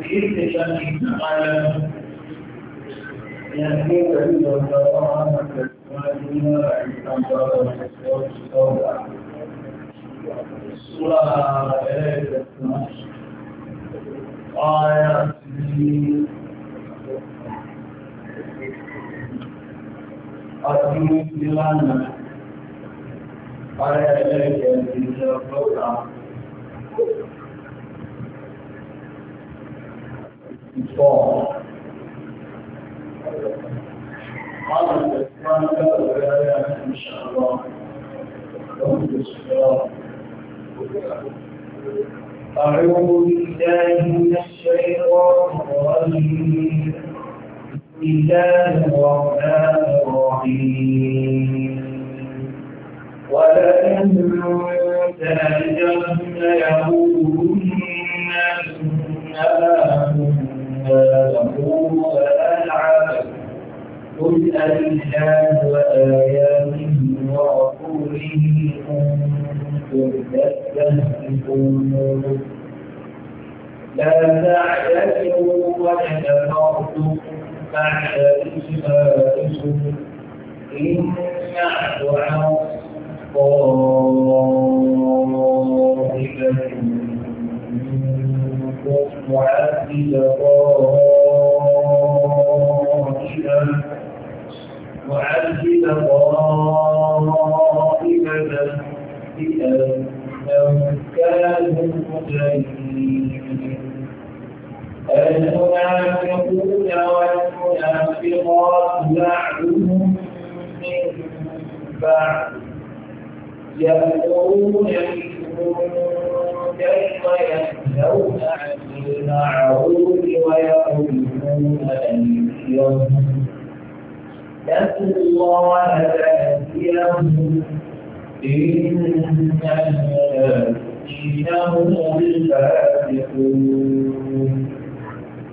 بإذن الله تعالى يأتيك إلى الكرامة والإيمان والصبر سورة آية 12 آية أتمت لنا آية 11 before. All of the front of the area, inshallah, don't destroy. أعوذ بالله من الشيطان الرجيم بسم الله الرحمن الرحيم ولئن تأجرن يقولن إنما آباءهم وألعابهم قل ألله وآياته ورسوله كنتم تستهزئون لا تعتذروا قد كفرتم بعد إيمانكم إن نعفو عن طائفة معاهد قائلا معاهد قائلا بأنهم كانوا مجرمين المنافقون والمنافقات بعضهم من بعض يأمرون بالمنكر وينهون عن المعروف ويقولون أن اتقوا الله فأتيهم إن المنافقين هم الفاسقون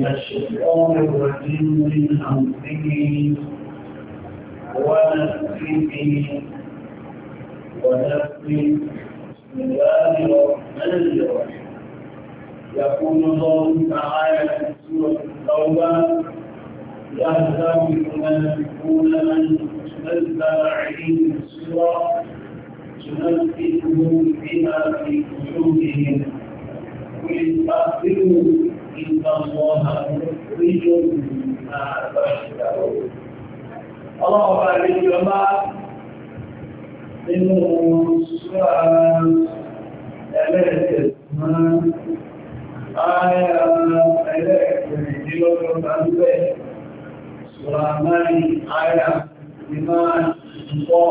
من الشيطان الرجيم من همزه ونفسه ونفسه بسم الله الرحمن الرحيم يقول الله تعالى في سورة التوبة يهزم المنافقون أن تنزل عليهم السورة تنزلهم بما في قلوبهم قل استغفروا Ọlọ́run bá rí ìjọba nínú ṣúra ẹlẹ́ẹ̀kẹ́ máa ààrẹ ẹlẹ́ẹ̀kẹ́ ìdílọ́gbọ̀n tàbí bẹ́ẹ̀ ṣúra mẹ́rin ààrẹ ti máa ń pọ̀.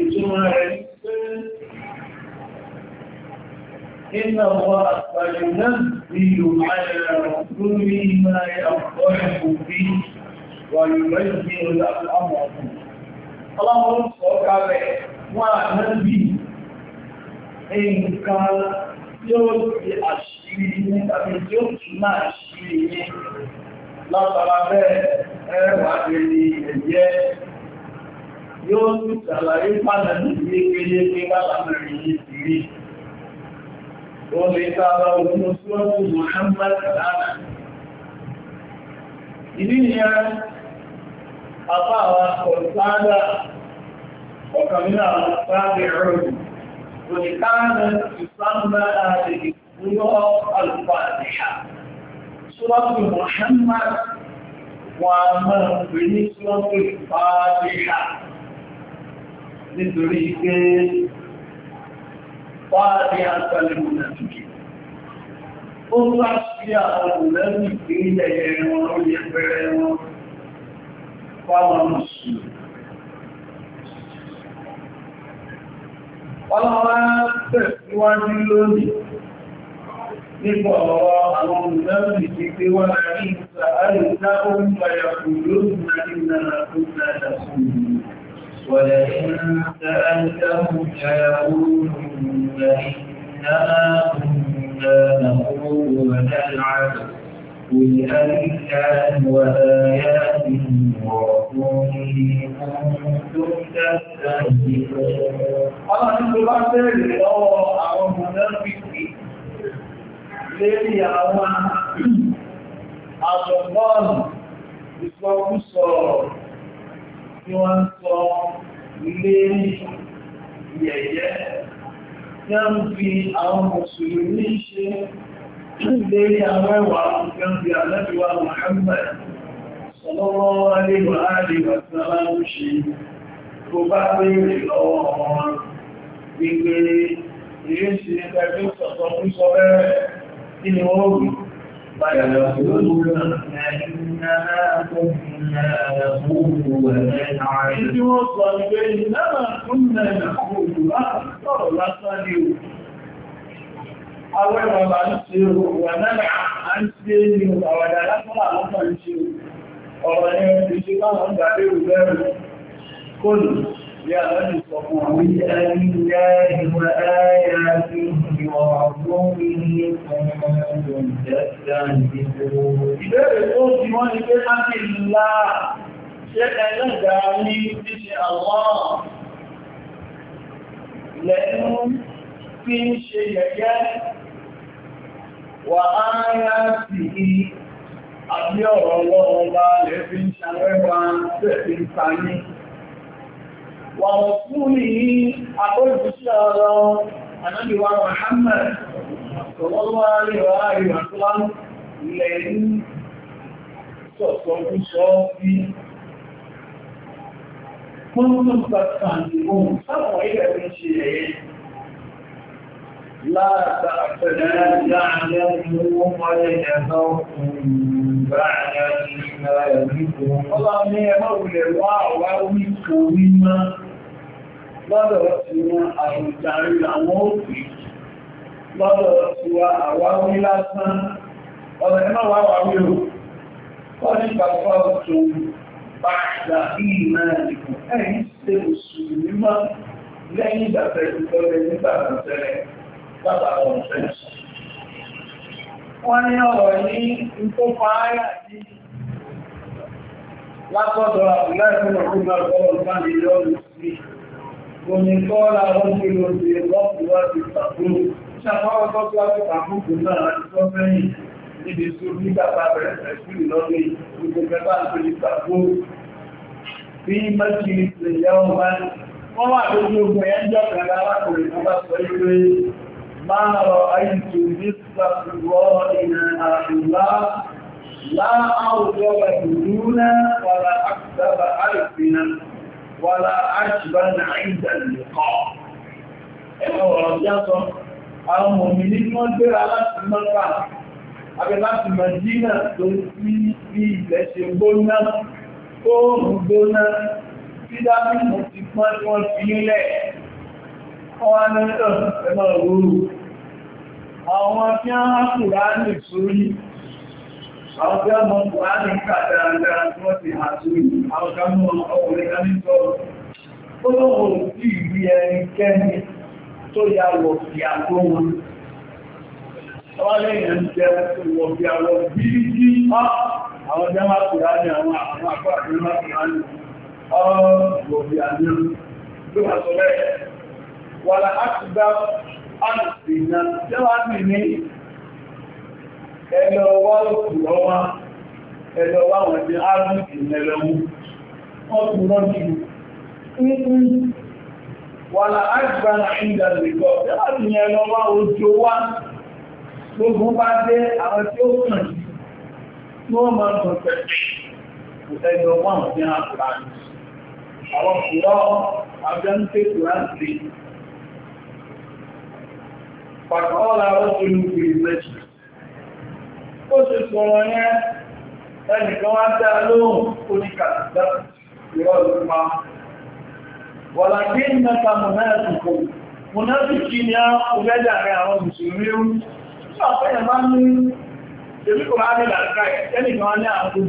ìtumọ̀ rẹ̀ pé iná wọ àpàdé náà bí yóò máa lórí máa ọ̀pọ̀ ẹ̀kù bí wà lórí ìgbé ọlọ́pàá ọlọ́run sọ kalẹ̀ wọ́n ànábì nǹkan tí ó ti àṣírí ní tàbí yóò ti ṣàlàyé padà ní ìgbékelé pé bálàmẹ́rin yìí ti rí. Ó lè tààrà ogun tí ó kù Muhammad Lánà. Ìdí ni a apá àwọn ọ̀sáàdà ọ̀kàmínà sáàbì rọ̀dù. Òníkánà ìsámbà àti ìpúlọ̀ alùpàdìyà. Súwọ́pù Muhammad wà máa pè ní nítorí pé wáàrí àtàlẹ̀mù nàìjíríà ó bá sí àwọn ìlẹ́nu ìpínlẹ̀ ẹ̀rọ lóye pẹ̀rẹ̀ wọn fáwọn mùsùlùmí ọlọ́wọ́ tẹ̀síwájú lónìí nípa ọ̀rọ̀ àwọn ìlẹ́nu ìpínlẹ̀ wọn àrí ìsàárì náà ó ń bàyà kù lóòrùn náà nínú àkókò àdàkùnrin ولئن سألتهم ليقولن إنما كنا نخوض ونلعب قل أبالله وآياته ورسوله كنتم تستهزئون قالوا بعد الله أو منافقين lórí àwọn àjọ̀gbọ́n ìsọkúsọ tí wọ́n ń sọ ilé yẹ̀yẹ́ tí wọ́n ń fi àwọn mùsùlùmí ṣe lérí àwọn ẹwà ọ̀gbọ́n bí alẹ́bíwá Muhammad sọlọ́wọ́ aléwà àríwá sára ń ṣe tó bá béèrè lọ́wọ́ wọn gbígbé ìrísí ẹgbẹ́ tó sọ̀tọ̀ fún sọ bẹ́rẹ̀ kí ni wọ́n wù فيقولون إنما كنا نقول ونلعب إذ وصل بينما كنا نقول أخطر لصديق Àwọn ìwọ̀nba ń ṣe wà náà à ń ṣe ní ọ̀wàdà lásánà يا أنصفون بالله وآياته ورسوله كنتم تستهزئون. إذا قلت من بحق الله شيء لدعني إن شاء الله لأنهم في شيئين وآياته أبيض الله لا لفن شربا سفن ثاني wà mọ̀ fún ní àkójúṣẹ́ ọ̀rọ̀ ànábìwà Muhammad tọ́lọ́lọ́ àríwá àríwá tó lá ilẹ̀ ní sọ̀tọ̀kú sọ bí wọ́n mú pàtàkì ohun sáwọn ilẹ̀ tó ṣe ẹ̀yẹ láàrín àpẹẹrẹ láàrín owó mọ́lẹ̀ ẹ̀dọ́ Ọlọ́run ni ẹmọ́ ìrẹ̀wọ́ àwọn orí kan lọ́dọ̀ tí wọ́n àrùjàrí àwọn òfin lọ́dọ̀ tí wọ́n àwáwí lásán ọ̀dọ̀ ẹ̀mọ́ wà wáwí o kọ́ ní pàpọ̀ tó bá ìgbà ìmọ̀ ìkù ẹ̀yìn ṣe oṣù mímọ́ lẹ́yìn ìgbàfẹ́ ìtọ́lẹ̀ nígbà tẹ̀lẹ̀ bàbá ọ̀fẹ́ wọ́n ní ọ̀rọ̀ ní ìkópa ayà ní látọ̀dọ̀ àbúlá ìfúnnà ọ̀gbọ̀n ọ̀gbọ̀n ìlú ọ̀rọ̀ sí Òmìnkọ́lá wọ́n tí ló ti lọ́pù láti tàbí. Ṣàpáwọ́ tó tó láti tàbí náà láti tọ́ sẹ́yìn níbi tó ní bàbá bẹ̀rẹ̀ ẹ̀sùn ìlọ́lẹ̀ ìgbẹ̀gbẹ̀bá tó ní tàbí. Bí mẹ́kì ìpìlẹ̀ yá wọn bá ń tó ní ṣàkùrọ̀ ìrìn wàlá àṣìbá ní àìjà nìkọ́. Ẹgbẹ́ ọ̀rọ̀ bí a sọ, àwọn ọmọ mi ní wọ́n gbéra láti mọ́ta, abẹ láti Màdínà tó sí bí ilẹ̀ ṣe gbóná, tó ń gbóná, tí dábí ti pọ́n tí wọ́n fi nílẹ̀. Wọ́n á ní ẹ̀rọ Àwọn tí a mọ̀ wá ní kàtàrà tí wọ́n ti àtú àwọn kan mọ̀ ọkùnrin kan ní sọ́rọ̀. Ó lọ́wọ́ sí ìrí ẹni kẹ́ni tó yà wọ̀ sí àkó wọn. Wọ́n lẹ́yìn ń jẹ́ wọ̀ sí àwọ̀ bíríkì ọ́. Àwọn jẹ́ máa kùrá ní àwọn àwọn ní ẹlọ wá òkú ọwá ẹlọ wá wọ̀n tí á rí ìrìnlẹ̀lọ́mú ọkù rọ́jì wà láàgbàrà ìdàlẹ̀kọ́ láti ẹlọ wá ojú wá gbogbo bá dé àwọn tí ó kàn tí wọ́n máa tọ̀ pẹ̀lẹ̀ ẹlọ ó ṣe sọ̀rọ̀ yẹn ẹnìkan wá dá lóhùn oníkà ìrọ̀lùpá wọ̀làkí mẹ́ta mọ̀nẹ́ẹ̀tùkò mọ̀nẹ́ẹ̀tùkì ni a ọgbẹ́dà rẹ̀ àwọn mùsùlùmí rú ṣàfẹ́yẹ̀ máa ń ní èmi kò rá nílà ká ẹnìkan ní àwọn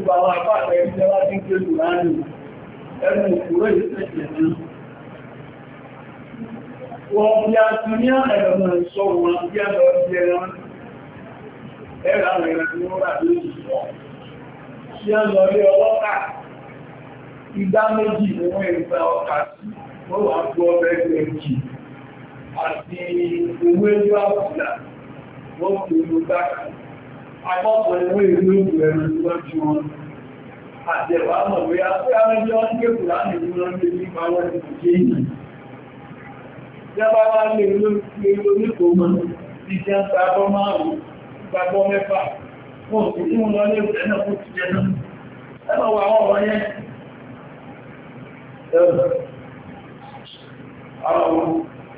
wọ́n bí a ti ní ẹ̀rọ sọ bí a lọ ẹran ẹ̀rà àwọn ẹ̀rà tí wọ́n rà lórí ìwọ̀n. Ṣé ń lọ lé ọlọ́kà? Ìdá méjì ni wọ́n ń gba ọkà sí, wọ́n wà gbọ́ ọbẹ̀ méjì àti owó ẹjọ́ àbùdá wọ́n fi ìlú dákà. Àpapọ̀ ìwé ìlú ìlú ẹ̀rù lọ́jú wọn. Àjẹ̀wà mọ̀ pé àpé àwọn ẹjọ́ ń ké kùrá nìlú lọ́dún nípa wọn ti jẹ́ ìlú. Ìjọba wa lè lórí ìlú oníkòó mọ́, ìjẹ́ ń ta ọmọ àrùn gbàgbọ́ mẹ́fà wọn ò tí wọ́n lọ ní ìwẹ̀ náà kó ti jẹ́ náà ẹ̀nà wà wọ́n wọ́n yẹn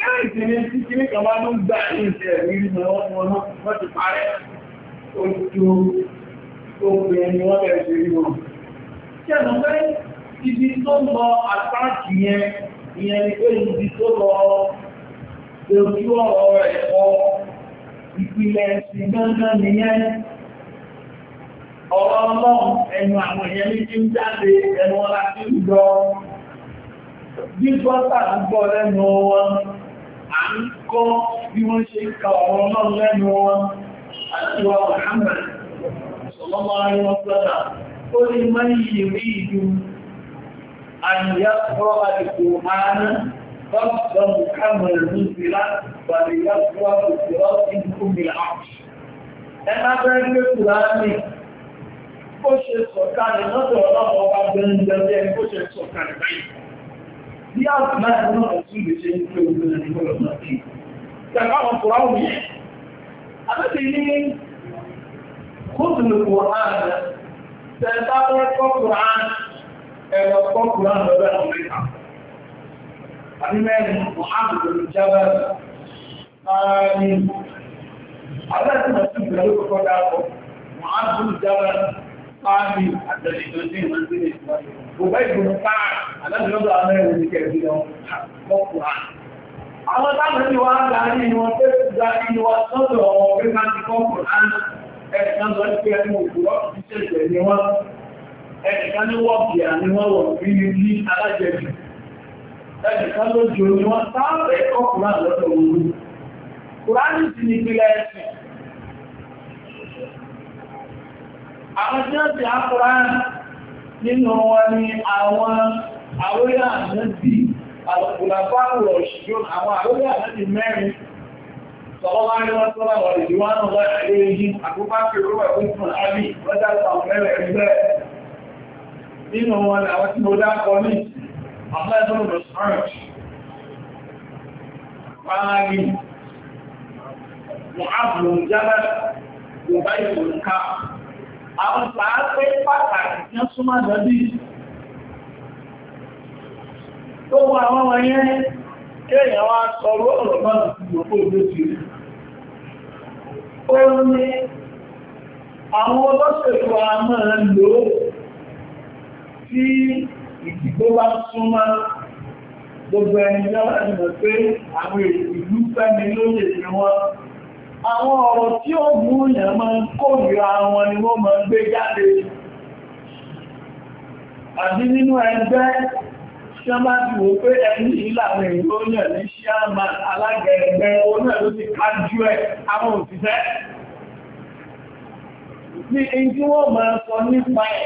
Ẹ̀rìn tí ní títí ní kàmá ló ń gbà ní ìṣẹ̀ ìrírí mọ́ wọn wọ́n ti parẹ́ ojú obìnrin ni wọ́n bẹ̀rẹ̀ sí rí wọn. Kí ẹ̀nà pé ibi tó lọ àtàkì yẹn, ìyẹn ni pé ibi tó lọ ojú ọ̀rọ̀ ẹ̀kọ́ ìpìlẹ̀ ẹ̀sìn gángan nìyẹn ọ̀rọ̀ ọlọ́run ẹnu àwọn èèyàn ní kí ń jáde ẹnu ọlá tí ń gbọ́ gbígbọ́ tà ń gbọ́ lẹ́nu wọn à ń kọ́ bí wọ́n ṣe ń ka ọ̀rọ̀ ọlọ́run lẹ́nu wọn àti wa Muhammad sọlọ́mọ ayọ́ sọ́dà ó ní mọ́ yìí rí ìdú àyíyá فافضل حمل المنزلة وليقوى بالصراط منكم بالعرش ẹ̀má bẹ́ẹ̀ gbé kùránì ó ṣe sọ̀kalẹ̀ lọ́dọ̀ ọlọ́pọ̀ ọba gbẹ̀rẹ̀gbẹ̀rẹ̀ ó ṣe sọ̀kalẹ̀ báyìí bí a ti máa ẹ̀rọ náà tún lè ṣe ń pè ó gbẹ̀rẹ̀ ní bọ́lọ̀ náà sí ìjàmbá wọn kùrá òun yẹn àbẹ́bí ní kóòtù kùrán tẹ̀sán kọ́ ẹ̀rọ kọ́ lọ́dọ̀ ọ̀mẹ́ta àbí mẹ́rin Muhammad bin Jabal ní aláìsí ọ̀sí ìgbìyàn ló kọ́kọ́ dáàbọ̀ Muhammad bin Jabal ní àtẹ̀lẹ̀dọ́sí ìrìnàjò Bùbá ìgbìmọ̀ káà aláìsí lọ́dọ̀ amẹ́rin ní kẹ̀ẹ́bí lọ lọ́kùnrin. Àwọn táwọn ní wá darí wọn pé gba inú wa sọ́dọ̀ ọmọ pé máa ti kọ́kùnrin án ẹ̀ẹ̀kan lọ sí ẹni òkúrọ́ ìṣẹ̀ṣẹ̀ ni wọ́n ẹ̀ẹ̀kan ní wọ́pìà ni wọ́n wọ̀ ní alájẹ̀bì ẹnìkan ló jò ní wọ́n sáré ọkùnrin lọ́dọ̀ òru kùránì sí ní ìpínlẹ̀ ẹ̀sìn àwọn tí wọ́n ti àkùránì nínú wọn ni àwọn àwóyà àmẹ́bí àlọ́kùnláfáàrù ọ̀ṣùgbọ́n àwọn àwóyà àmẹ́bí mẹ́rin sọ̀rọ̀lá ní wọ́n tọ́lá wọ̀ ìdíwọ́n lọ́wọ́ ẹ̀lẹ́yìn àkókò àpérò ẹ̀kún fún àbí wọn àwọn tí mo dákọ Abdullah ibn Mas'ud fáàrí Mùhàbùn Jabal Yorùbá ìfòrùká. Àwọn pàápẹ́ pàtàkì tí ó súnmọ́ lọ́dí. Tó wọ́n àwọn wọ̀nyẹ́ kéèyàn wá sọ̀rọ̀ ọ̀rọ̀ náà ti gbogbo tí ìdí tó bá súnmọ́ gbogbo ẹni náà ẹ̀mọ̀ pé àwọn ìlú fẹ́mi lóye ni wọ́n àwọn ọ̀rọ̀ tí ó mú èèyàn máa ń kórìíra wọn ni wọ́n máa ń gbé jáde àbí nínú ẹgbẹ́ tí wọ́n bá ti wò pé ẹni ìlànà ìlú yàn ní ṣíàmà alága ẹgbẹ́ onáà ló ti kájú ẹ̀ àwọn òṣìṣẹ́ ní ẹni tí wọ́n máa sọ nípa ẹ̀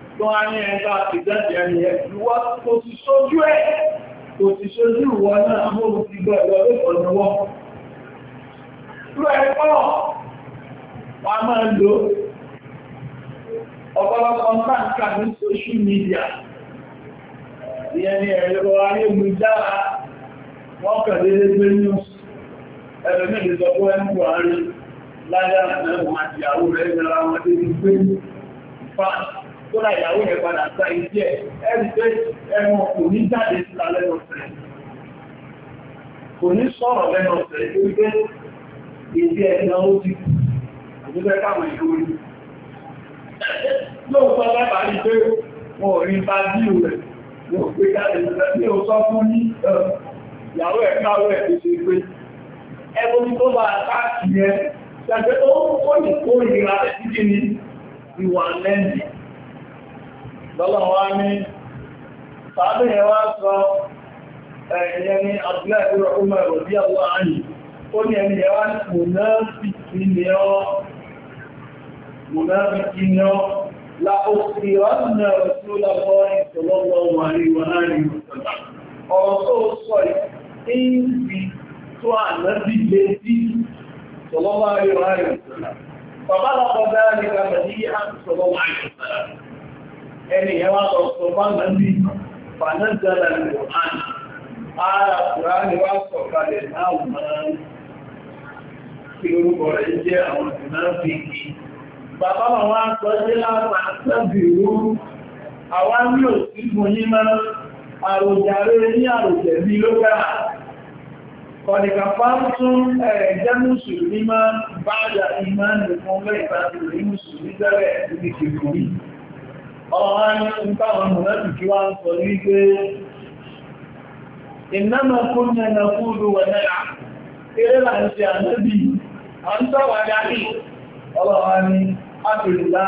tó á ní ẹgbà ìjáde ẹni ẹ̀ ìwọ́ kò sì sójú ọ̀pọ̀lọpọ̀ nǹkan ní social media ìyẹn ni ẹ̀rọ ayélujára wọ́n kẹ̀lé gbé news ẹ̀rọ mẹ́lẹ̀ sọ fún ẹ̀mú Buhari láyé àtẹ́wọ̀n àti àwọn ẹ̀rọ àwọn ẹ̀rọ kódà ìyàwó rẹ̀ padà gba ìdí ẹ̀ ẹ̀rí pé ẹ̀wọ̀n kò ní jáde síta lẹ́nu ọ̀sẹ̀ kò ní sọ̀rọ̀ lẹ́nu ọ̀sẹ̀ tó gbé ìdí ẹ̀ náà ó ti àdúgbẹ́ káwọn ìlú rí lóòótọ́ lẹ́bà rí pé wọn ò rí bá díò rẹ̀ wọn ò gbé jáde síta ní òótọ́ fún ní ìyàwó ẹ̀ káwọ́ ẹ̀ tó ṣe gbé ẹ̀wọ̀n tó bá káàkiri ẹ̀ ṣàgbé ó kó ìkórìíra ẹ̀ sí ìwà lẹ́yìn tọ́lọ̀wọ́ ní sábẹ̀ wá sọ ẹ̀yẹ ní abúlẹ́gbẹ̀rẹ̀ ọmọ ìrọ̀bí àwọn àyè ó ní ẹni ẹwà ní mùnáfíkì ni ọ́ mùnáfíkì ni ọ́ láòsì ọ̀nà ìṣúlọ́gbọ́ ìṣọlọ́gbọ́ wà ní wọn láàrin ìṣọ̀lá ọ̀rọ̀ tó sọ ìfi tó ànábì lé sí ìṣọlọ́gbọ́ ayọ̀ láàrin ìṣọ̀lá bàbá lọ́kọ̀ọ́ bẹ́ẹ̀ ní kàmẹ̀lì àti ìṣọlọ́gbọ́ ayọ̀ láàrin ìṣọ̀lá ẹni yẹn wá lọ sọ bá nàbí fanazala al-Qur'an ara Kùránì wá sọ̀kalẹ̀ náà máa fi orúkọ rẹ̀ jẹ́ àwọn ìnáfíkì bàbá wọn wá sọ jẹ́ láwọn àṣẹ́bìrú àwọn ní òsìnkú yí máa àròjàre ní àròjẹ̀bí ló gbà kọ̀dìkà fáńtún ẹ̀ẹ̀jẹ́ mùsùlùmí máa bá àjà ìmáà nìkan lẹ́ìbá ọ̀rọ̀ ní ìtàwọn mọ̀lẹ́bì kí wá na sọ ní pé ìnáma kún ní ẹ̀nà fúrú wẹ̀ náà eré là ń ṣe ànábì à ń tọ́wà dárí ọlọ́wà ní ápìlá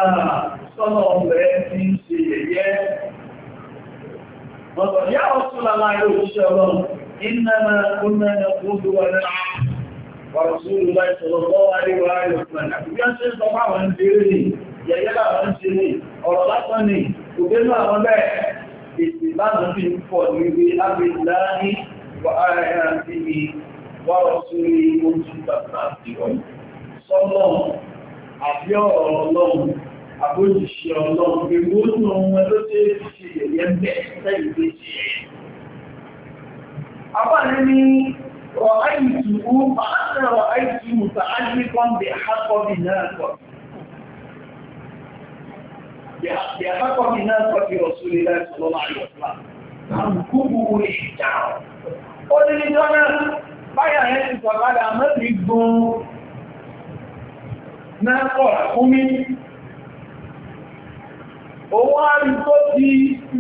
sọ́nà ọ̀rẹ́ na ń ṣe yẹ̀yẹ́ na yẹ̀yẹ́ bàbá ń ṣe ní ọ̀rọ̀ lásán ni òbínú àwọn bẹ́ẹ̀ èsì láàrín fi ń pọ̀ níbi ábìlá ní wàhálà sí ni wọ́rọ̀ sórí ojú bàbá àti ọ̀yìn sọ́lọ́ àbí ọ̀rọ̀ ọlọ́run àbójìṣẹ́ ọlọ́run gbogbo ojú ohun ẹló tó ṣe yẹ̀yẹ́ bẹ̀ sẹ́yìn tó ṣe yẹ̀. Abáni ní rọ̀ àìtù ó máa ń rọ̀ àìtù mùtà ájírí kan bẹ̀ hákọ́ bì náà kọ̀ọ̀kan. بأحق من ناس في رسول الله صلى الله عليه وسلم تنكبه الحجارة قل لي جانا báyà yẹn ti sọ̀kadà mẹ́rin gbọ́n náà kọ̀ fún mi òun àrí tó ti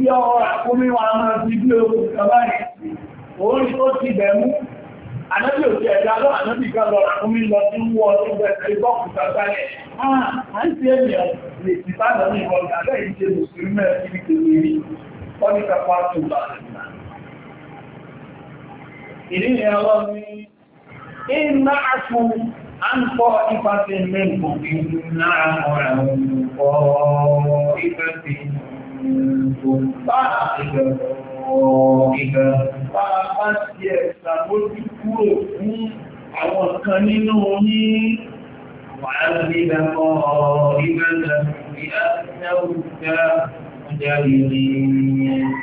yọ ọ̀rọ̀ fún mi wà máa ti bí ogun kàbáyé òun tó ti bẹ̀mú ànábì òjì ẹ̀dá lọ ànábì ká lọ rà fúnmí lọ sí wọ́n tó bẹ̀rẹ̀ ìbọ́kù sàtàlẹ̀ à ń ṣe ènìyàn lè ti bá lọ ní ìwọ̀n àbẹ́ ìṣe mùsùlùmí mẹ́rin níbi tó ní rí wọ́n ní kápá tó bá ìdí ni ọlọ́ ní iná àfú à ń kọ́ ìfàṣẹ mẹ́kù iná àwọn ọ̀pọ̀ ìfàṣẹ mẹ́kù bá ìgbẹ̀rọ̀ ìgbẹ̀rọ̀ bá a bá ti ẹ̀sà mójú kúrò fún àwọn kan nínú ní wàhálìdàkọ̀ ìgbàlẹ̀ ìyá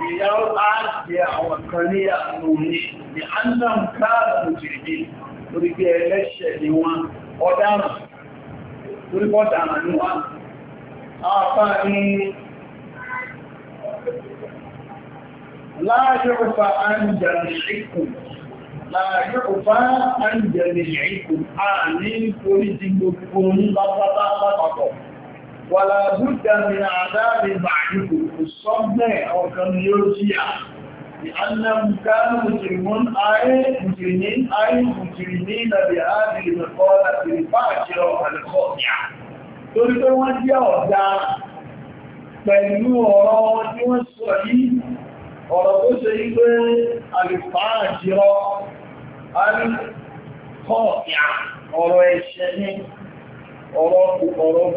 Ìyàwó àti àwọn kan ní àwọn òní ni a ń náà káàkiri jìrìdì lórí bí ẹlẹ́ṣẹ̀ ni wọ́n ọ̀daràn lórí bọ́dàràn ni wọ́n. Àwọn àpá ní láàrúfà àǹjẹ̀lẹ̀ṣìkùn láàrúfà àǹjẹ̀lẹ̀ṣìkùn a ní orí ti gbogbo ní lápátá lápapọ̀ wà láàrúfà ní àdáàrí bàáyíkù kò sọ́gbẹ̀ ọkàn yóò jíyà لأنهم كانوا مجرمون آية مجرمين آية مجرمين بهذه المقالة الفاجرة والخاطئة. torí pé wọ́n jẹ́ ọ̀dá pẹ̀lú ọ̀rọ̀ tí ọ̀rọ̀ tó ṣe ilé àlìfàá jírọ́ alìkọ́ọ̀kìá ọ̀rọ̀ ẹ̀ṣẹ́ ní ọ̀rọ̀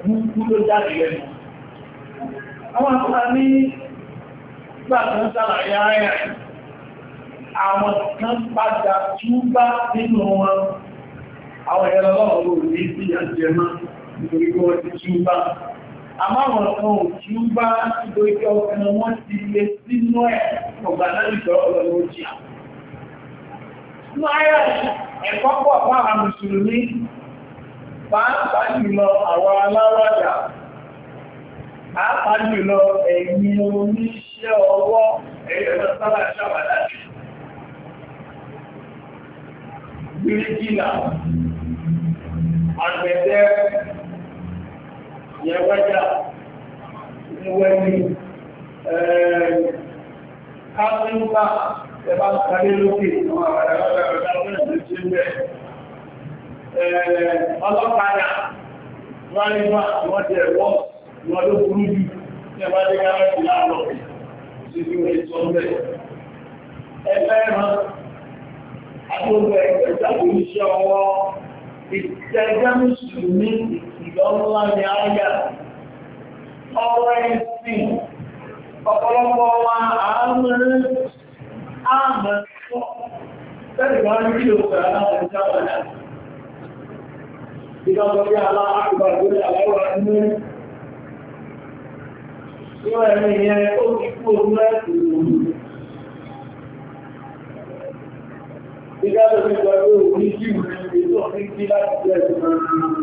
búkú ló jáde lẹ́nu àwọn àpá ní gbàtàn sàlàyé ayà àwọn kan padà túbá nínú wọn àwọn ẹ̀rọ lọ́wọ́ sí nítorí ti túbá àmáwọn kan ò tí ń bá ìdójọ́ ọkùnrin wọ́n ti lé sínú ẹ̀ ọgbà lálùjọ ọlọ́rọ̀ ojì àwọn. Nínú ayé ẹ̀kọ́ pọ̀ fáwọn mùsùlùmí, pàápàá jùlọ àwọn alárọ̀dà, pàápàá jùlọ ẹ̀yin oníṣẹ́ ọwọ́ ẹ̀yọ́ sábà ṣàwádà jù. Bíríkìlà, àgbẹ̀dẹ ìyẹn wájà ìwẹ̀lì káfíńtà ẹ̀bá kàrí lókè ọlọ́kadà ráríwá wọ́n tẹ̀ wọ́n wọ́n ló burú jù ní ẹ̀bá dé gáràjì láàrọ̀ sí bí wọ́n sọ mẹ́ ẹgbẹ́ ẹ̀rán àtúgbẹ̀ ẹgbẹ́ ìjàgbé iṣẹ́ ọwọ́ ìtẹ́gbẹ́ mùsùlùmí ìdánwò ní àyà ọ̀rọ̀ ẹ̀sìn ọ̀pọ̀lọpọ̀ wa àmọ́ fún tẹ́lẹ̀wọ́n rí òkè aláwọ̀ ìjábàdà ìdánwò aláàkùbàgbé aláwọ̀ ẹ̀mú Ìwọ̀n ẹ̀mí yẹn ó ti kú ogun ẹ̀sìn òun. Ìgbàlẹ̀ òfin pẹ̀lú òun ní kí ìrìn ètò láti jẹ́ ìgbàlẹ̀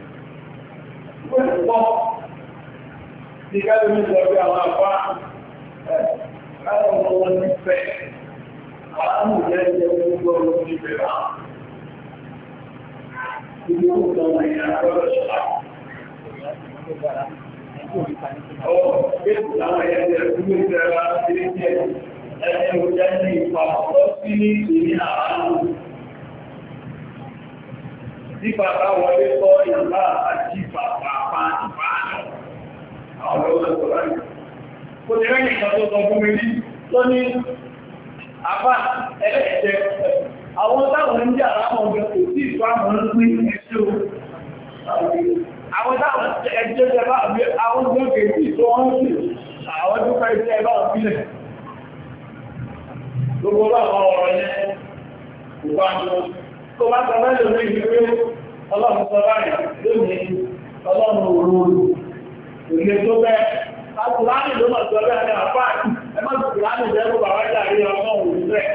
ó pọ̀ ní káàdì mi sọ pé um apá káàdì wọn wọn ti fẹ́ eu ìyá ìjẹ wọn gbọ́ wọn ti fẹ́ rà ilé ìwòsàn wọn yà lọ́dọ̀ ṣọlá. Ọwọ́ kéèkù láwọn ẹ̀yà ìjẹ ìdúró ìjẹra ilé jẹ ẹni ọjà ní ipa ọ̀pọ̀ sí ní ìní àárọ̀. Nípa bá wọlé kọ́ ìgbà àti bàbá. Àwọn táwọn ń jà láwọn ọjọ́ kò sí ìfàmù ń pín ẹ̀ṣẹ́ o. Àwọn táwọn ẹjẹ́ jẹba àbí àwọn ọjọ́ kò sí tó wọ́n àwọn Gbogbo bá àwọn ọlọ́run òróòrò òye tó bẹ́ akùránì ló mọ̀ sọ bẹ́ẹ̀ ní àpá ẹ má kùránì lẹ́rù bàbá jàrí ọmọ òun bẹ́ẹ̀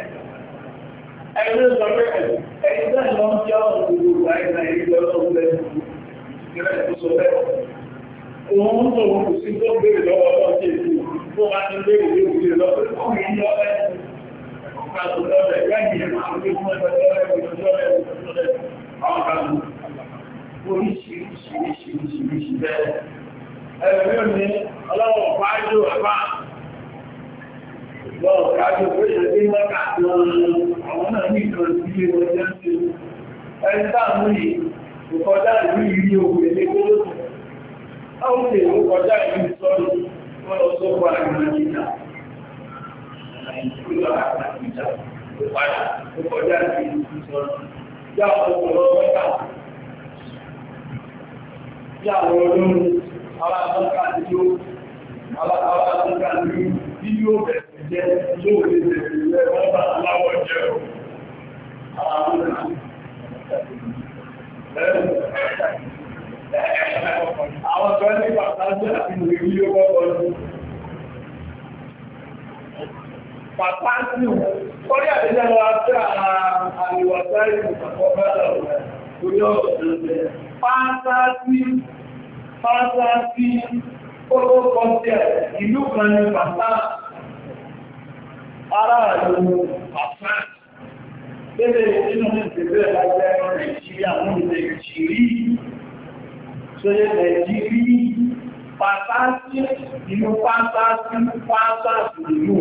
ẹni ló sọ pé ẹni bẹ́ẹ̀ lọ ń jẹ́ ọ̀rọ̀ gbogbo àìsàn èyí jẹ́ ọlọ́run lẹ́nu ìrẹ́ tó sọ bẹ́ẹ̀ òun tó kù sí tó béèrè lọ́wọ́ ọ̀tọ̀ sí èdè tó wá ní béèrè ní òkè lọ́wọ́ ọ̀rẹ́ ní ọ̀rẹ́ ọ̀rẹ́ ọ̀rẹ́ ọ̀rẹ́ ọ̀rẹ́ ọ̀rẹ́ ọ̀rẹ́ ọ̀rẹ́ oríṣiríṣiríṣiríṣi bẹ́ẹ̀. Ẹ̀rọ yóò ní ọlọ́wọ̀ pàájò ẹ̀bá lọ́wọ́ pàájò péjọ sí mọ́kà àwọn náà ní ìkan sí ilé wọn sí ẹni táàmù yìí kò kọjá ìlú ìrí ogun èlé gbólóṣù. Àwọn olè ló kọjá ìlú ìsọ́nù wọ́n lọ sọ́kọ̀ àgbà níta. Ìjọba àgbà níta kò padà kò kọjá ìlú ìsọ́nù. Yá ọ̀pọ̀lọpọ̀ bí àwọn olóòrùn ara àtọ́ka tí ó ara àtọ́ka ní bí yóò bẹ̀rẹ̀ jẹ́ yóò lè bẹ̀rẹ̀ jẹ́ wọ́n bá aláwọ̀ jẹ́ ọ̀ àwọn tó ní pàtàkì àti ìrìn yóò wọ́pọ̀ ní pàtàkì orí àtẹ́jẹ́ wọn á tẹ́ àwọn àríwọ̀sáyé ìpàkọ́ bá lọ́wọ́ orí ọ̀dọ̀ rẹ̀ pàtàkì pàtàkì orúkọ tẹ̀ ìlú kan ní pàtà ara ìlú pàtà bẹ́ẹ̀ nínú ìpẹ̀lẹ̀ lájẹ́ nàìjíríà mú nàìjírí sóyẹ́ nàìjírí pàtàkì ìlú pàtàkì pàtàkì ìlú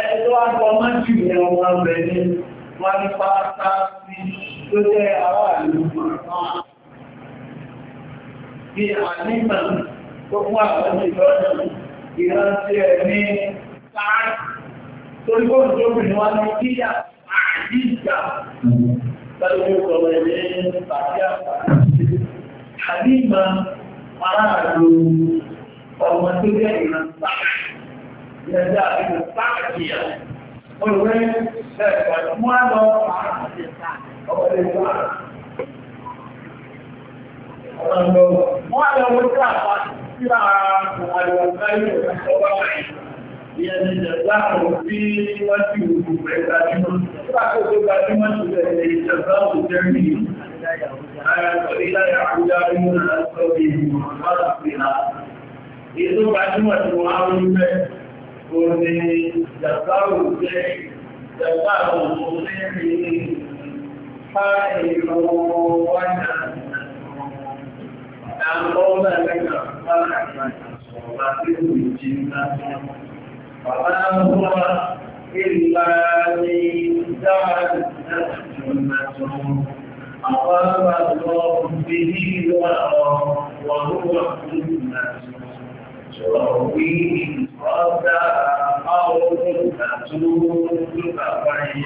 ẹ̀ẹ́dọ́ àgbọ̀mọ́ jù ní ọmọ rẹ̀ ní wọ́n ní pàtàkì tó jẹ́ ará ìlú bí ànímọ̀ tó fún àwọn ìjọ́nà ìrántí ẹ̀ ní sáàrì torí kó ń tóbi ní wá ní kíyà àdíjà pẹ̀lú ìkọ̀wé ní pàtí ànímọ̀ ará ìlú ọmọ tó jẹ́ ìrántí ìrẹ́jà ìrántí Olùwẹ́ ẹ̀kọ́ mú àlọ́ àwọn àti ìsáà ọmọdé tó wà. Ọ̀nà wọ́n lọ wọ́n tí àpá sí àwọn àdìwọ̀n láyé ọ̀pọ̀ wáyé. Ìyẹn ni ìjọba àwọn tí wọ́n ti wù pẹ̀lú gbajúmọ̀. Nígbà tó tó gbajúmọ̀ ti bẹ̀rẹ̀ ìjọba àwọn jẹ́rìí yìí. Ìlà ìyàwójá bí wọ́n lọ sọ bí ìmọ̀ lọ́dọ̀ sí ìlà. Èyí tó gbajúmọ̀ tí wọ́n á wọ́n bẹ̀. Òní ìjọba àwọn jẹ́ ìjọba àwọn òṣèlú خير ونعم قول لك فرحمة صورة الجنة وما هو إلا من دعت جنة أقام الله به وراء وهو جنة ترويه صدى أو جنة تتبعه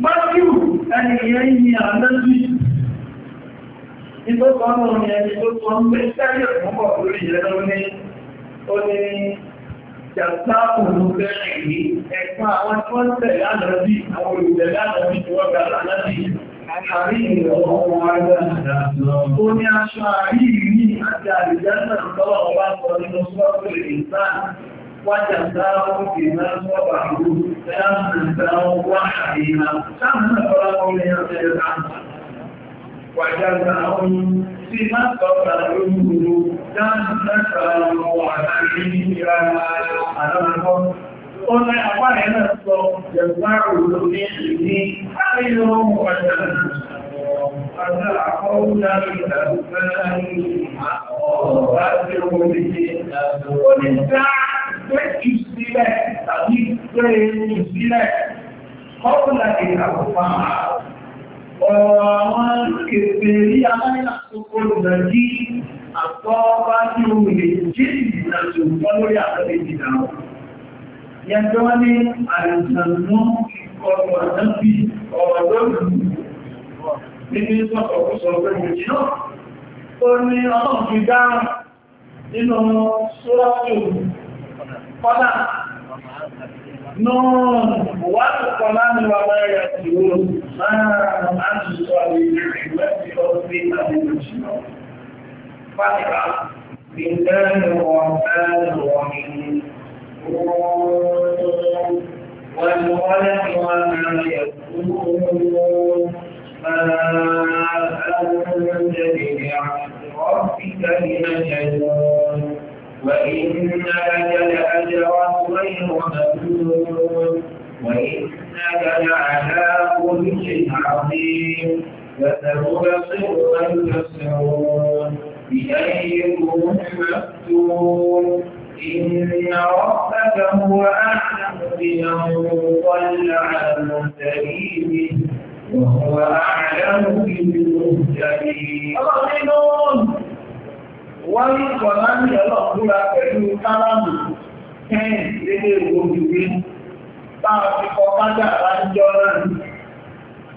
Matthew, ẹni yẹn yìí àdájú Ìtò sọ́nà ni ẹni tó sọ ń gbé sẹ́yọ̀ púpọ̀ lórí ìrẹ́lọ ní ó ní jàtàkùnrin bẹ́rẹ̀ rí ẹ̀kùn àwọn tí wọ́n tẹ̀lé ànàbí àwọn olùtẹ̀lé ànàbí tí wọ́n gbà láti àárí ìrọ̀lọ́ ọmọ ará ó ní aṣọ àárí ìrí àti àrìjẹ́sà tọ́lọ̀ ọba sọ nínú sọ́ọ̀tì ìsán wájà sáwọn ìrìnà sọ́ọ̀bà àgbò ẹ̀yà ń sàn sáwọn wáṣà wàjáza ọyún tí máa tọ́ta lójúgbòrò dáńtàkà àwọn àtàrí ìrà àdáwọ̀. Ó ní apá ẹ̀ náà sọ jẹ̀gbárò lórí ìdí àríyọ ọmọ wàjáza. Àjá àkọ́wúdá ìdàgbẹ́ Ó ní dá pé ìsílẹ̀ tàbí pé ìsílẹ̀ kọ́kùnlá ìdàgbà máa ọ̀rọ̀ àwọn kèfèrè rí aláìlàkókò nàíjí àtọ́ọ́bá ní ohun èdè jíìdì àti òkúwọ́ lórí àtọ́lẹ́jì náà yẹjọ́ ní àìsànmọ́ ọ̀rọ̀ àdábì ọ̀rọ̀ lórí nínú sọ́kọ̀kúsọ̀ ọgbẹ̀mẹ̀jì náà ó ní ọlọ́run fi نون والقلم وما يكتبون ما أنت بنعمة ربك بمجنون فاقرأ بسم الله الرحمن الرحيم والقلم وما يكتبون ما أنت بنعمة ربك بمجنون وإنك لأجرا غير ممنون وإنك لعلى كل شيء عظيم فسنبصر ويبصرون بأيكم مفتون إن ربك هو أعلم بمن ضل عن سبيله وهو أعلم بالمهتدين wọ́n ń kọ̀ láti ọlọ́pùra pẹ̀lú kálàmù kẹ́yìn lédè ògbòmìnirí bá a ti kọ kájà lájọ́ náà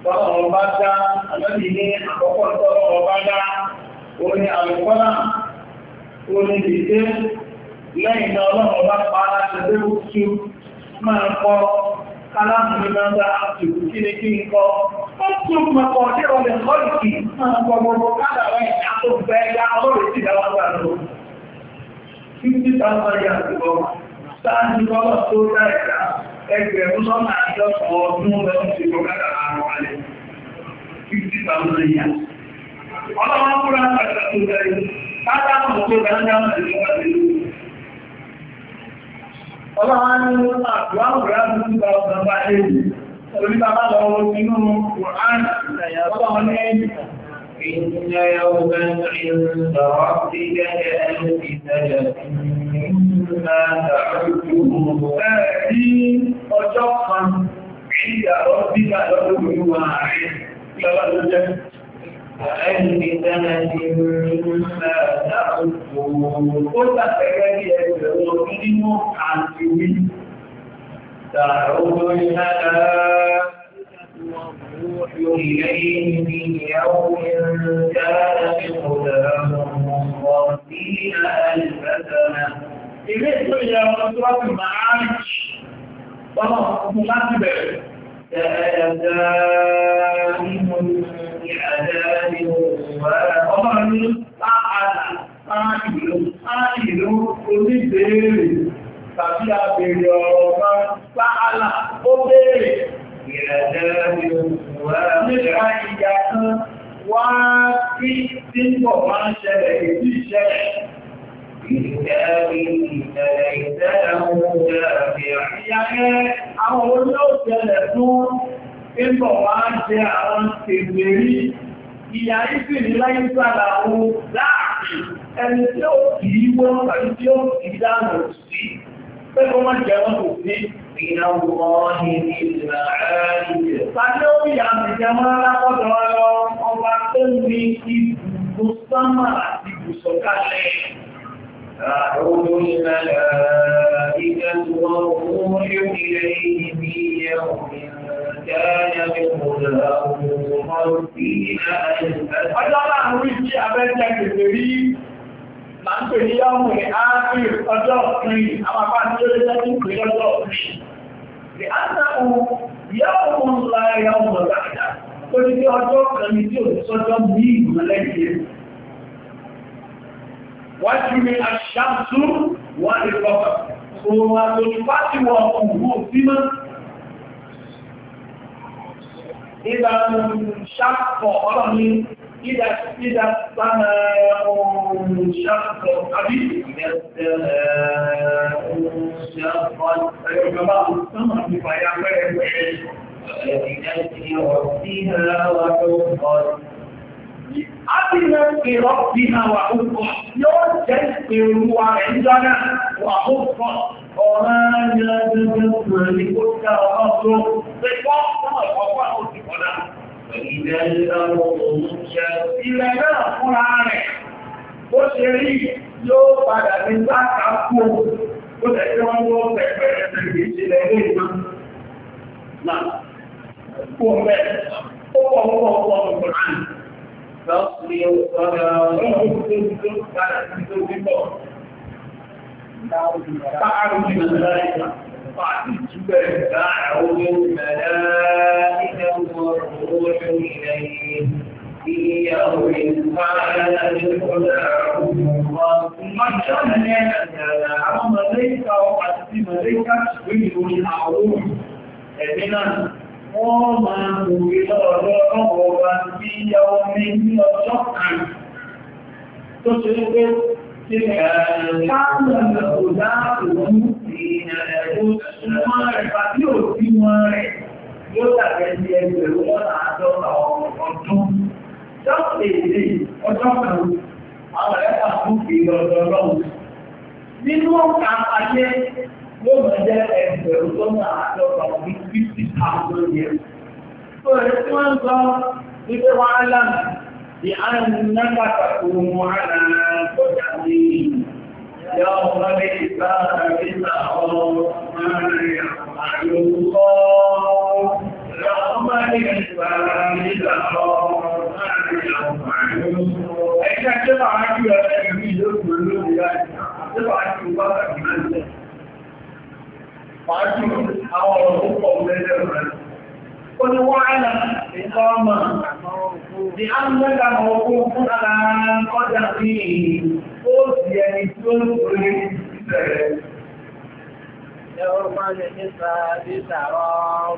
tọ́lọ̀ ọba dá alẹ́bí ní àkọ́kọ́ tọ́lọ̀ ọba dá orí àlùkọ́lá orí dìde lẹ́yìn náà ọlọ́run ọba pa aláṣẹ tó kú máa kọ́ kalámùlọ́dá kí ni kí n kọ́. Ó tún mọ̀kọ̀ ní ọ̀lẹ̀ kọ́ìkì gbogbo kádàrá ìyàtọ̀fẹ́ ẹgbẹ́ ọlọ́rẹ̀ sí ìdáwọ́gbà lọ. 50,000 yàtọ̀ gbọ́gbà, sáájú gbọ́gbà tó dá ìdá ẹgbẹ̀rún lọ́nà àjọ́sọ̀ ọdún lọ́nà sí gbogbo kádàrá àwọn alẹ́. 50,000 yàtọ̀. Ọlọ́run kúrò Ọlọ́run ní àdúrà òwúrẹ́ ní ìgbà ọ̀sán bá èyí. Orí bàbá lọ إن يوما عند ربك كألف سنة مما تعدهم آتي ọjọ́ kan عند ربك لهم فألف سنة مما تعدون قل أفكاك يتغفر عن تعود الملائكة والروح إليه في يوم كان مقداره خمسين ألف سنة إذا إلى سورة المعارج طبعا مقدمة دائم àdáyò ọmọ ní ààlà ààlò ààlò oníbèèrè tàbí àbèrè ọ̀rọ̀ máa sáàlà ó béèrè ìrẹ̀dáyò nípa ìyà kan wá sí tí ń bọ̀ máa ń ṣẹlẹ̀ pépọ̀ wá jẹ àwọn tèbèrí ìyà ìsì ní láyé sára ohun láàrin ẹni tí ó kì í wọ́n tàbí tí ó kì í dánà sí pẹ́kọ́ má jẹ wọ́n kò sí ìyàwó ọ̀hìn ní ìlà ẹ̀rẹ́ Tàbí ó yà mí jẹ mọ́ lápọ̀dọ̀ ọlọ́ ọba tó ní ibùdó sánmà تعود الملائكة والروح إليه في يوم كان مقداره خمسين ألفا ọjọ́ láàrin wíjì abẹ́jẹ́ kèfèrí máa ń pè ní yọ́mù ní áàfin ọjọ́ ọ̀pìn àwọn apá tí ó lé lẹ́yìn pé ọjọ́ ọ̀pìn ní àtàkùn yọ́mù ńlá yọ́mù ọ̀gá ìdá tó ti dé ọjọ́ kan ní tí ò sọ́jọ́ bí ìgbọ̀lẹ́gbẹ̀ẹ́ wájú ni aṣáàtú wà ní lọ́pàá òun àtòjúpá ti wọ òun òsímọ́ ìdá ṣàpọ̀ ọlọ́ni ìdá ìdá sáà òun ṣàpọ̀ àbí ẹ̀ẹ̀ẹ̀ òun ṣàpọ̀ ẹ̀yọ̀gbọ́n àwọn sọ́mọ̀ nípa ya pẹ́rẹ̀ pẹ́rẹ̀ Adìyẹ ìrọ̀ bí i wà púpọ̀ yóò jẹ́ ìrùwà ìjọ́nà wà púpọ̀ ọ̀rọ̀ ayẹ́gbẹ̀gbẹ̀ pẹ̀lú kó ká ọlọ́rọ̀ pé wọ́n fún ọ̀pọ̀pọ̀ òsì kọ́dá. Ìdẹ̀ ìlànà òun jẹ́ ilẹ̀ náà fúnra rẹ̀. Ó ṣe rí yóò padà ní lákàákú ó tẹ̀sí wọn wọ́n pẹ̀pẹ̀ ẹ̀sẹ̀ ìgbésílẹ̀ ilé ìgbà. Náà, kó mẹ́, ó pọ̀ pọ̀ pọ̀ pọ̀ pọ̀ فاصبر ولا ربك فأنت بطول فأعرض من ذلك فأعجب فأعرض الملائكة والروح إليه في يوم كان ذكرهم من كان يتنعم ملائكة وقد ملائكة تشبه الأعروف من wọ́n máa gbòrí lọ́rọ̀ lọ́wọ́ ọba tí yàwó mi ní ọjọ́ kan tó ṣe pé tí káàmù ọ̀dá òun ìrìnà ẹ̀kọ́ súnmọ́ rẹ̀ pàtí òbí wọn rẹ̀ yóò dàbẹ̀ ní ẹgbẹ̀rún lọ́nà àádọ́ta ọdún tọ́pẹ̀lẹ̀ ọjọ́ kan àwọn ẹ̀kọ́ àkókò ìrọ̀lọ́rọ̀ nínú ọ̀pá àpàṣẹ yóò máa jẹ́ ẹgbẹ̀rún lọ́nà àádọ́ta ní fifty thousand years. Tó rẹ̀ tí wọ́n ń sọ wípé wọ́n á lánà bí a ń ná pàtàkì wọn á nà kọjá sí ìyá ọmọ méjì bá àríṣà ọmọ rẹ̀ àyòkọ́. Ìyá ọmọ méjì bá àríṣà ọmọ rẹ̀ àyòkọ́. Ẹ̀ṣẹ́ tí wọ́n á jù ẹ̀ ẹ̀rí ìlú ìlú ìlú ìlú ìlú ìlú ìlú ìlú fàájú àwọn ọ̀pọ̀ lẹ́lẹ́ rẹ̀. Ó ní wọ́n àìlà ìkọ́ ọmọ di ámúlẹ́gbà ọkùn fún ara kọjá sí ó sì ẹni tí ó ń pè é ìbẹ̀rẹ̀. Ìyáwó mọ̀lẹ̀ ní ọjọ́ ìṣirò, pàwọ̀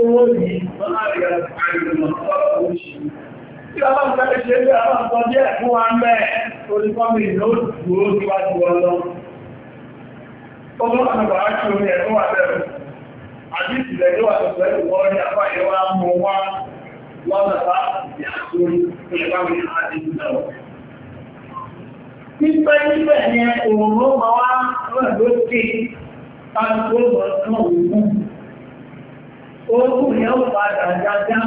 owó yìí, wọ́n á rí ọ̀pọ̀ àìrìnà ọ̀pọ̀ òṣìṣẹ́ tí a bá ń fẹ́ ṣe bí àwọn ọ̀tọ́ díẹ̀ fún wa ń bẹ́ẹ̀ olùkọ́mì ló dúró síwájú ọlọ́ ọgbọ́n àgbà áṣì orí ẹ̀ tó wà bẹ̀rù àti ìsìlẹ̀ tó wà tọ̀tọ̀ ẹ̀ wọ́n ní apá ìyẹn wá mú wá lọ́nà bá ìyàtọ̀ ìyàbáwí àti ìdúnáwó. Nígbẹ́ nígbẹ́ ni òun ló máa wá rẹ̀ lókè táwọn tó lọ sí òun. Oògùn yẹn ó padà já já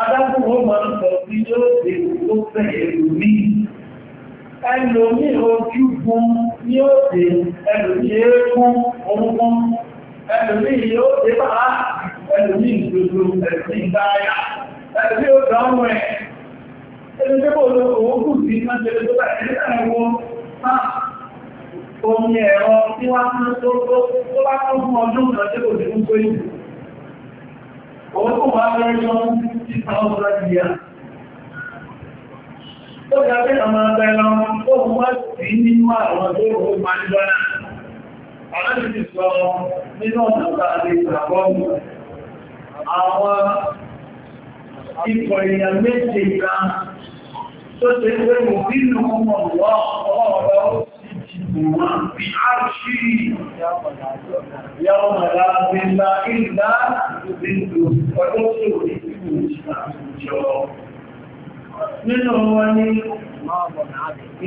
adágún ó máa ń sọ sí yóò dé tó fẹ́ ẹlòmí ẹlòmí ojú gun ní ó dé ẹlòmí eégún orúkún ẹlòmí yóò dé bàá ẹlòmí ìdodo ẹ̀sìn ìdáyà ẹlòmí ó dánwọ̀ ẹ̀ ẹlòmí bó lo òókù sí máa ń ṣe tó bá ẹ̀sìn ẹ̀wọ̀ náà omi ẹ̀rọ tí wọ́n á tún tó bá tún fún ọdún kan tí kò ní ń pé òun kò wá lórí lọ sí àwọn ọ̀rọ̀ ìyá. Ó ga pé àwọn ọ̀rọ̀ ẹ̀lọ ó mú wá sí nínú àwọn tó rò ó máa ń dọ́nà. Àwọn ti sọ nínú ọ̀nà bá lè gbàgbọ́ mú. Àwọn ikọ̀ èèyàn méje ìgbà tó ṣe pé mò nínú ọmọ ọ̀rọ̀ ọ̀rọ̀ ìwà bí a ṣí yàwó màlá nílá ìlà nínú ọjọ́ tí ò ní ìlú ìṣàjọ nínú wọn ni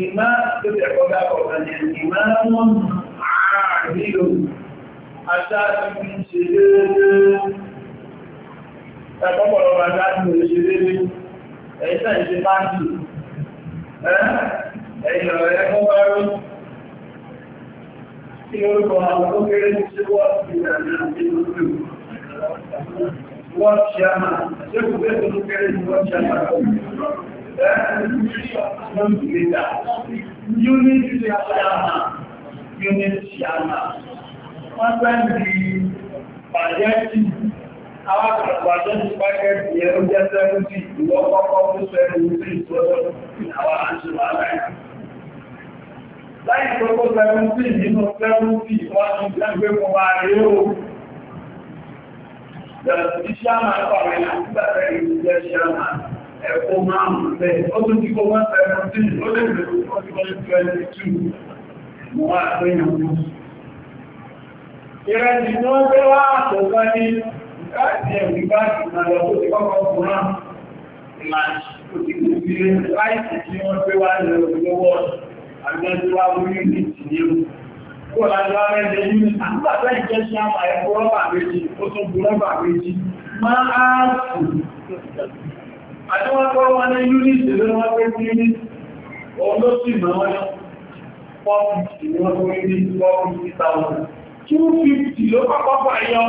ìmá tó tẹ̀kọ́gá kọ̀ọ̀kan ni ìmá wọn àárílò aṣáájú bí ẹ̀yìn ọ̀rẹ́ fún wáyé tí orúkọ àwọn tó kéré sí wọ́ọ̀tí ìrìnàjò àti ìlú wọ́ọ̀tí àmà tí kò bẹ́ẹ̀ tó kéré sí wọ́ọ̀tí àmà Unity Shama, Unity Shama, wọ́n gbá ní pàjẹ́tì, àwọn pàjẹ́tì pàjẹ́tì yẹ ó jẹ́ 70, ìwọ́n kọ́kọ́ fún 70 ìtọ́jọ́ àwọn àṣìwà aláìsí láì tọ́kọ́ 17 nínú 70 wọ́n ti gbẹ́gbẹ́ mọ́ máa rí ó ìjọ̀lọ̀tí ṣáàmà pàwẹ̀ àtúgbàtẹ̀ ìjẹ́ ṣáàmà ẹ̀kọ́ máa mú bẹ́ ó tún ti kó 17 ó lè bẹ̀rẹ̀ ó ti kọ́ 22 mọ́ àpéyàn mọ́ ìrẹsì tí wọ́n fẹ́ wá àtọ̀gbá ní láti ẹ̀rí bá ìrìnàlọ́ tó ti kọ́kọ́ fún náà ìlànà tó ti kú sílé láìsí tí wọ́n fẹ́ wá lọ́wọ́ àgbẹ́síwá unit ní o kó lájọ́ rẹ̀ unit àgbàtà ìjẹ́sí àmà ẹ̀kọ́ rọ́bà méjì ó tún bú rọ́bà méjì máa áàtù àjọ́wọ́pọ̀ wọn ní unit ló wọ́n pé unit olóṣì náà wọ́n 450 ni wọ́n tó unit 450,000 250 ló kọ́kọ́ fà yọ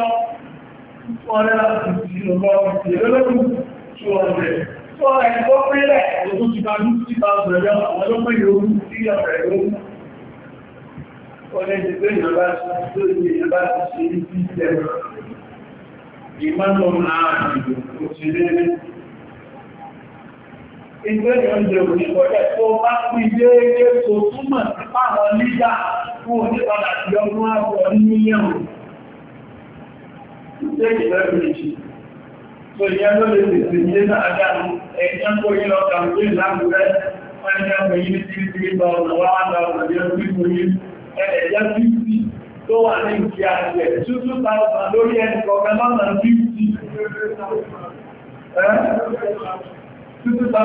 150 ló kọ́kọ́ fi lọ́lọ́kùn 200 Fọ́nà ìfọ́pẹ́lẹ̀ òkú ti bá sí ọ̀rẹ́ lórí ọlẹ́dẹ̀ tó ìyànbá tó ìyànbá ti ṣe ní sí ìjẹ̀rọ ìmọ́nà ààrùn òṣèléré ìgbé ìrìnjẹ̀ òṣìṣẹ́ tó bá pín ilé ilé tó túnmọ̀ sí pàwọn lídà fún onípadà tí ọdún àpọ̀ níyàn Ìjẹ́ ìrẹ́bìnrin tó ìyẹ́ ló lè pèsè ìjẹ́ náà dáa ẹ̀yẹ́ ń kó yí lọ kàmgbé ìlàmù pẹ́lẹ́ ọmọ yìí tí ti lọ lọ́wọ́ àgbàwọ̀lẹ́ orígbò yìí ẹ̀ẹ̀jẹ́ 50 tó wà ní ìkí àti ẹ̀ 2,000 lórí ẹni kọ̀ọ̀kan lọ́nà 50 2,000 lọ́nà 50 ọ̀rẹ́ ìgbàlẹ̀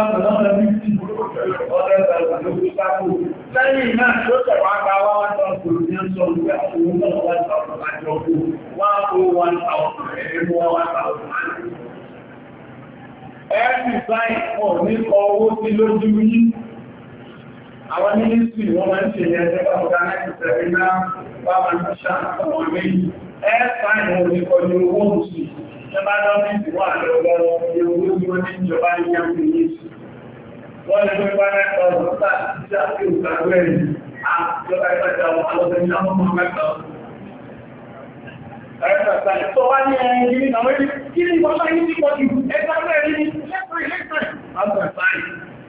ló fi sákò lẹ́yìn náà tó tẹ̀wọ́ àgbà wá wá tọ́ kòrò ní sọ ìgbà òun náà wá tọ́ ọ̀rọ̀ àjọ kò 1,000 ẹ̀ẹ́mú 1,000 ẹ̀ẹ́sì sáì ọ̀ ní ọwọ́ sí lójú yìí àwọn mínísítì wọ́n máa ń ṣe yẹn nípa ọ̀gánáìtì tẹ̀lé náà bá máa ń ṣá àwọn méjì ẹ fáìn wọn ní ọjọ́ owó òsì nípa lọ́mìtì wà lọ́wọ́ owó tí wọ́n ní ìjọba ní yàtọ̀ yìí sí wọ́n lè fẹ́ bá mẹ́ta ọ̀rọ̀ sáà sí àti òkàgbé rẹ̀ àjọba ìpàdé àwọn alọ́sẹ̀ ní àwọn ọmọ mẹ́ta Ẹ̀sọ̀ wá ní ẹ̀yìn ìrìnàwó ìrìn, kí ni wọ́n máa ń ní pọ̀jù, ẹgbẹ́ ẹ̀rí ní ẹ̀sọ̀ ilé ìtàn, àwọn ọ̀sáyìn.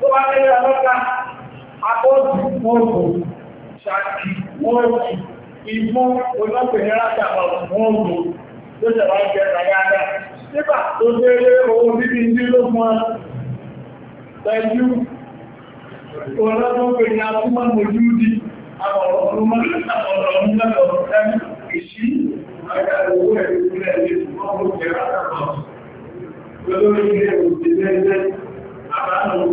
tó bá lẹ́yìn ọlọ́ta abọ́dù mọ́ọ̀bù ṣàkì mọ́ọ̀bù ìmú olóògbèrè rájà mọ́ọ̀bù tó jẹ̀ wọ́n jẹ́ ràyádá nígbà tó délé owó bíbí ní ló mọ́ pẹ̀lú olóògbèrè àtúmọ̀ mọ̀lúdí àwọn ọ̀rọ̀ mọ́ àwọn ọ̀rọ̀ mọ́ ìṣí àgbàdo owó ẹ̀rù ilẹ̀ ìlú ọmọ ìjẹ́ rájà mọ́ọ̀bù lórí ilé òṣèlú ẹgbẹ́ àbáwọn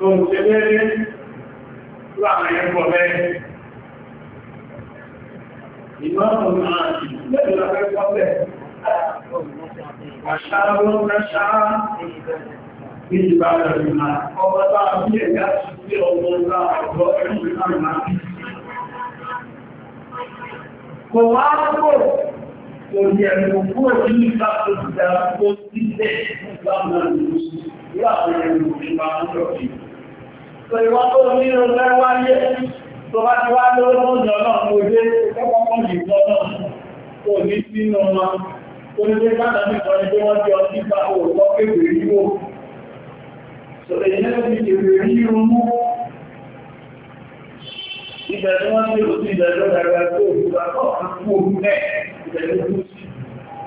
tó ń ṣe lẹ́rẹ́ láàrin ẹgbọ́ bẹ́ẹ̀. Ìmọ́rùn náà lẹ́gbẹ̀ẹ́ lọ́pẹ́ pọ́pẹ́. Àṣàrò rẹ̀ṣà ní ìbára ìrìnà ọba bá bí ẹ̀yà ti sí ọmọ ọlá ọ̀dọ́ ẹ̀rùn Kò wá kò kò yẹ̀rù kúrò ní ìgbàkùn ìdàkùn sílẹ̀ ìgbàmọ̀ ìlú láàrin ẹ̀rùn ìgbàmọ̀ ìlú sọ ìwọ́n tó ní ọjọ́ wáyé tó bá ti wá lọ́wọ́ ọjọ́ náà mo dé kọ́kọ́kọ́ ìgbọ́ náà kò ní sínú wọn tó ní pé bàtà nìkan ni pé wọ́n jọ nípa òòtọ́ kéwèé yíwò sọ̀rọ̀ ìyẹn ló fi kéwèé yíwò mú ibẹ̀ tí wọ́n ti rò sí ìdájọ́ dàgbà tó òkúta kọ̀ọ̀kan kú òkú náà ibẹ̀ ló kú sí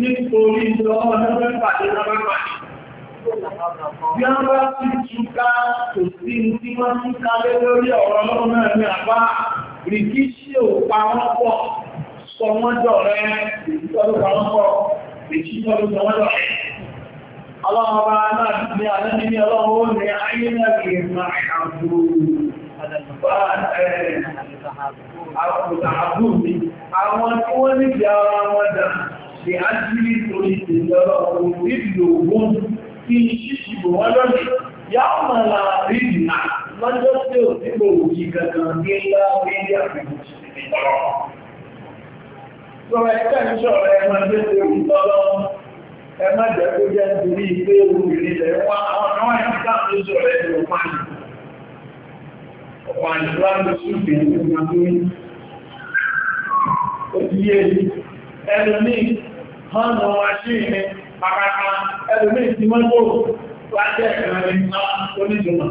nítorí lọ́wọ́ lọ́wọ́ pàdé lọ́wọ́ pàdé. Bí wọ́n bá ti túká kò sí tí wọ́n tún kálé lórí ọ̀rọ̀ lọ́wọ́ náà ní àbá rìkíṣì ò pa wọ́n pọ̀ sọ wọ́n jọ rẹ̀ ìtọ́jú pa wọ́n pọ̀ èyí tọ́jú sọ wọ́n jọ rẹ̀. Ọlọ́run bá náà ní àná ní ọlọ́run ó ní ayé náà lè máa ṣàbùrù. Àwọn tí wọ́n níbi ara wọn dà the actually police in the law will leave the wound in ṣíṣìbò wọn lọ́dẹ̀ yàá máa la rí ìdìnnà lọ́jọ́ tí ò nígbò òjì gangan ní ńlá orílẹ̀ ń sọ̀rọ̀ ẹ máa gbé ṣe ẹlòmí hànà aṣíni pàpàpà ẹlòmí ti mọ́tò láti ẹ̀kẹ́rin onídùmọ̀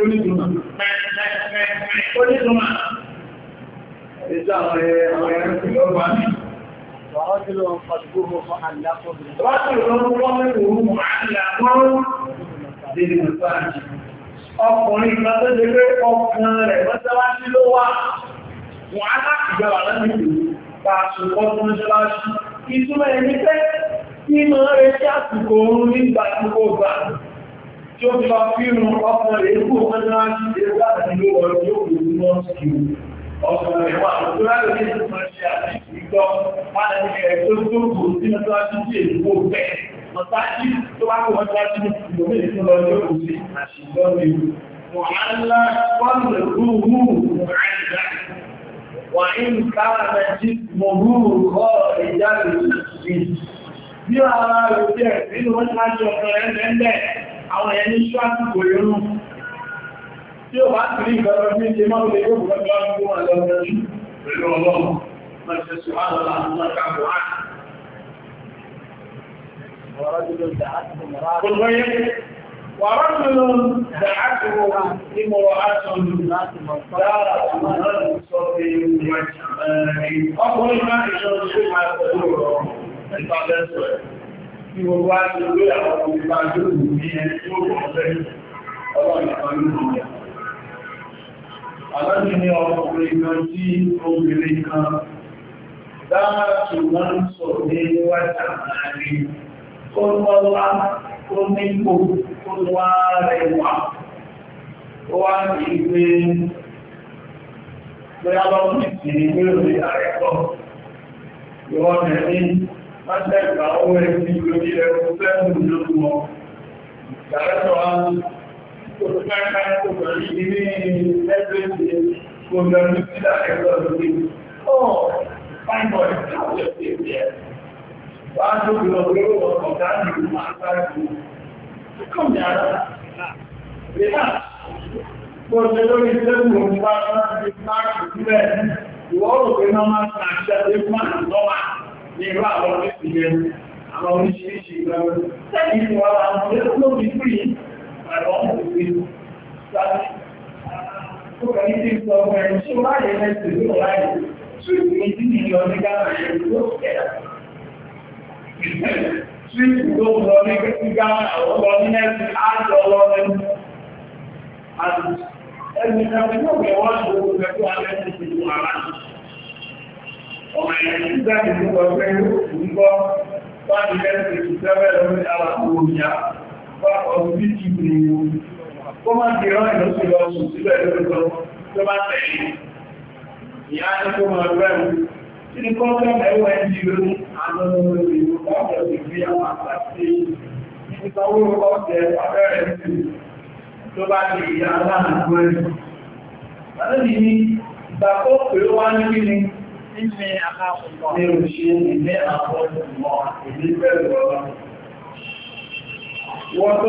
onídùmọ̀ onídùmọ̀ Ìjọ àwọn ẹ̀rọ tí ó wà ní. Wọ́n tí lọ pàdùgbò fún àlàkọ́ tí lọ wọ́n mẹ́rin ọkùnrin kan tó pé ọkùnrin rẹ̀ mọ́sánwájú ló wá wọ́n á láti gbà wà lọ́nà ìlú bá ṣùgbọ́ fún mọ́ṣáláṣí ìtumọ̀ ẹni pẹ́ tí mọ́ rẹ̀ sí àsìkò oòrùn nígbà tí ó gbà tí ó fi lọ fírun ọkùnrin rẹ̀ kú mọ́ṣáláṣí rẹ̀ láti ló wọ́n tí ó kò mọ́ sí ọkùnrin rẹ̀ wà tó rẹ̀ ní ìtumọ̀ ṣe àti ìgbọ́ máa ní ẹ̀ tó tó kò sí mọ́ṣáláṣí sí èdúgbò bẹ́ẹ̀ mọ́ṣáláṣí tó bá kó mọ́ṣáláṣí ní ìlòmí ìtúlọ ní òkùnrin àṣìgbọ́n mi. Mọ̀hánlá kọ́lù rúurú rẹ̀ wà ń káàrẹ jí mọ̀rú rọ́ ìjáde sí bí ara rẹ̀ jẹ́ nínú wọ́n láti ọ̀pọ̀ ẹ̀ẹ́lẹ́ àwọn ẹni ṣáàtì kò yọrù tí ó bá ti rí ìgbẹ̀rẹ̀ bí ṣe máa lè yóò gbọ́gbọ́ ọdún ọlọ́run pẹ̀lú ọlọ́run máa ṣe sọ àlọ́lá àwọn akàbọ̀ áà ورجل دعته امرأة دارت من صف وجهه أقول ما يشرب ما تدور البعض الأسود في من الله ọkùnrin kan tí kan dáa sọ ní wájà àárín, ó lọ́lá, ó tó wá rẹwà ó wá ní ìgbé bóyá lọ́wọ́ ìsìn ìgbé òní àrẹ́kọ̀ ìwọ mẹ́rin máṣẹ́ ìgbà owó ẹ̀sìn lórí ẹ̀kọ́ fẹ́mù lórí wọn ìgbàlẹ́tọ̀ wá tó tó káàkà tó pẹ̀lú ìdílé ẹgbẹ́ gbogbo ẹni tí àrẹ́kọ̀ lórí ọ̀ fine boy how you feel there wá tó gbogbo ọgbẹ́ ọkọ̀ dáàbò máa ń bá ìgbò Come down. Relax. Porque lórí ìṣẹ́gun òun bá láti máàkì sílẹ̀ ìwọ́ òfin náà máa ta àṣẹ tó máa ń lọ́wà ní irú àwọn oríṣìíyẹ àwọn oríṣiríṣi ìgbẹ̀rẹ̀. Sẹ́yìn ìwọ̀ àwọn ọmọdé tó bí fún yìí, pẹ̀lú ọmọ òfin sáà. Ó kẹ́ni tí ń sọ ọmọ ẹni tí ó láyé lẹ́sìn ní ọ̀láyé, tí ó ti ní ìlọ ní Ghana ẹni tó kẹ́ sílùú tó ń lọ ní gíga àwọn lọ ní ẹ̀sìn àjọ lọ lẹ́nu. Ẹni ẹni yóò bẹ̀ wọ́n ṣe owó pẹ̀lú alẹ́ ti fi wà láti. Ọmọ ẹ̀yẹ ti jáde ní ọgbẹ́ ń bọ́ bá ní ẹ̀sìn ìṣẹ́fẹ́ lórí ara òòyà bá ọdún bí ti bì í. Ó máa ń di ọ́n ìlú sí lọ sùn sílẹ̀ lórí lọ tó bá Ìyá ní máa bẹ̀rù ní kọ́ńtà ẹ̀wọ̀ ẹ̀jì lórí àwọn ọmọ ìlú ọ̀pọ̀ ìgbé àwọn àpàtì ìsanwó ọ̀tẹ̀ abẹ́rẹ́ sí tó bá di ìyá aláàbò ẹ̀. Lọ́dún ní ìgbà tó pè wá ní kí ni ní àkàkùnkọ̀ ní òṣè ní àkọ́kùnkọ̀ ìdí pẹ̀lú ọ̀rọ̀. Wọ́n tó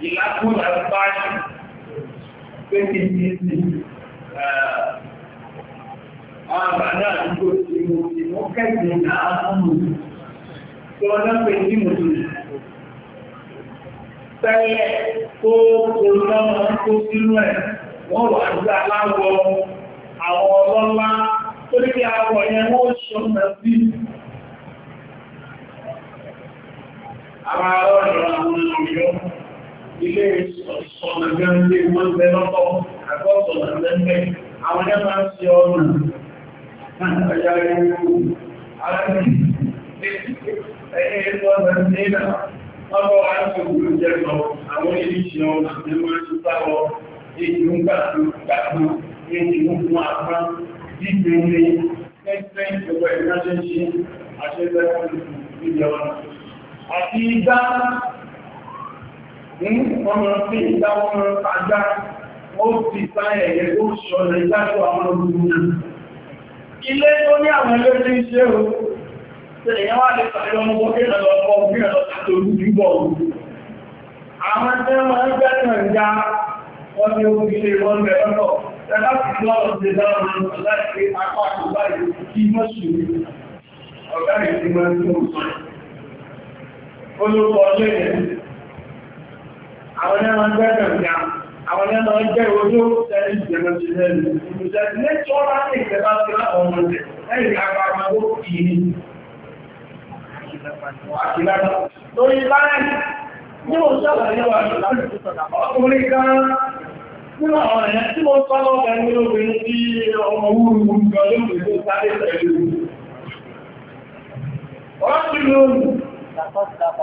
ìlàkúlà báyìí pé kí ní sí ààbà náà tó ti mú ti mú kẹ́sì náà mú tí wọ́n náà pè ní mú sí tẹ́lẹ̀ tó kò lọ́wọ́ tó sínú ẹ̀ wọ́n wà ní aláwọ̀ àwọn ọlọ́lá tó ní kí àwọ̀ yẹn wọ́n ṣọ́nà sí àwọn arọ́ ìrọ̀ àwọn ìrọ̀ ilé ọ̀nà gẹ́gẹ́ wọ́n bẹ lọ́pọ̀ àkọ́sọ̀nà lẹ́gbẹ́ àwọn ẹgbà ń ṣe ọ̀nà àyàrí Ìgbèrè ẹgbẹ́ ìjọba ìrìnàṣẹ́ ṣe àṣẹ́gbẹ́ ìjọba. Àti ìgbà ọmọ sí ìdáwọn àgbà ó ti sáyẹ̀ ẹ̀yẹ tó ṣọ̀rọ̀ ìdájọ́ àwọn olùgbò ilé tó ní àwọn ilé tí ń ṣe o èèyàn wà lè pàdé ọmọ ọgbọ́n kí ẹ̀lọ́ ọgbọ́n kí ẹ̀lọ́ tàbí olùdúbọ̀ àwọn tẹ́ wọ́n ń gbẹ́sàn já wọ́n ní orílẹ̀ wọ́n bẹ̀ lọ́tọ̀ tẹ́lá ti lọ́rọ̀ ti dáwọn láti apá àkùbá ìlú kí mọ́sù ọ̀gá ìsinmi tó ń sọ àwọn náà wọ́n àwọn náà jẹ́ ojú tẹ́lẹ̀ ìjẹ̀lẹ̀ ìjẹ̀lẹ̀ ìjẹ̀lẹ̀ ìjọba ní ìjẹba sí láwọn ọmọdé lẹ́yìn agbára tó kì í ní àkìlára lórí báyìí ní mo sọ́lọ̀ yẹ́wà ọkùnrin kan nínú àwọn ẹ̀yẹ tí mo sọ́lọ̀ pẹ̀lú obìnrin tí ọmọ wúrú gan lóòrùn tó sáré pẹ̀lú Ó tọrẹ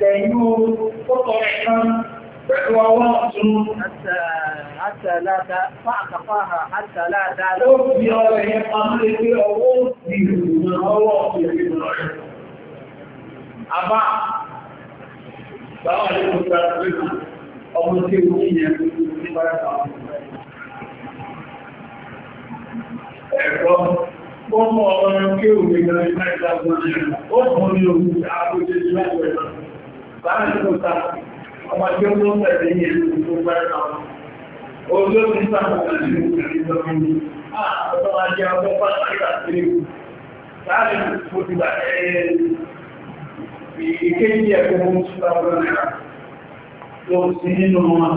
pẹ̀lú ó tọrẹ kan pẹ̀lú ọwọ́ ọ̀tún. Àtàláta, fáàkàfáà, àtàláta ló fi ọrẹ yẹn pàmò lè pé ọwọ́ òsì ìrìnlọ́wọ́ ìrìnlọ́rẹ̀. Àbá, báwọn lè kò sára pé ọmọ tí ó ní ìyẹn ní bára ọmọ ọ̀rọ̀ kí o lè gbẹ̀rẹ̀ ìgbẹ̀rẹ̀ ó kàn ní ogun àbójẹ́ ìgbẹ̀rẹ̀ láàrín tó ta ọmọ tí ó mọ́ ẹ̀rẹ́ ní ẹ̀rù tó gbẹ̀rẹ̀ àwọn olóòtú sáàmù láti ní ìgbẹ̀rẹ̀ ìgbẹ̀rẹ̀ àwọn ajẹ́ ah, ọgbọ́n pàtàkì àti láàrín tó ti bà ẹ̀ẹ́ ìkéjì ẹ̀kọ́ mú sáàmù náà lọ sí nínú wọn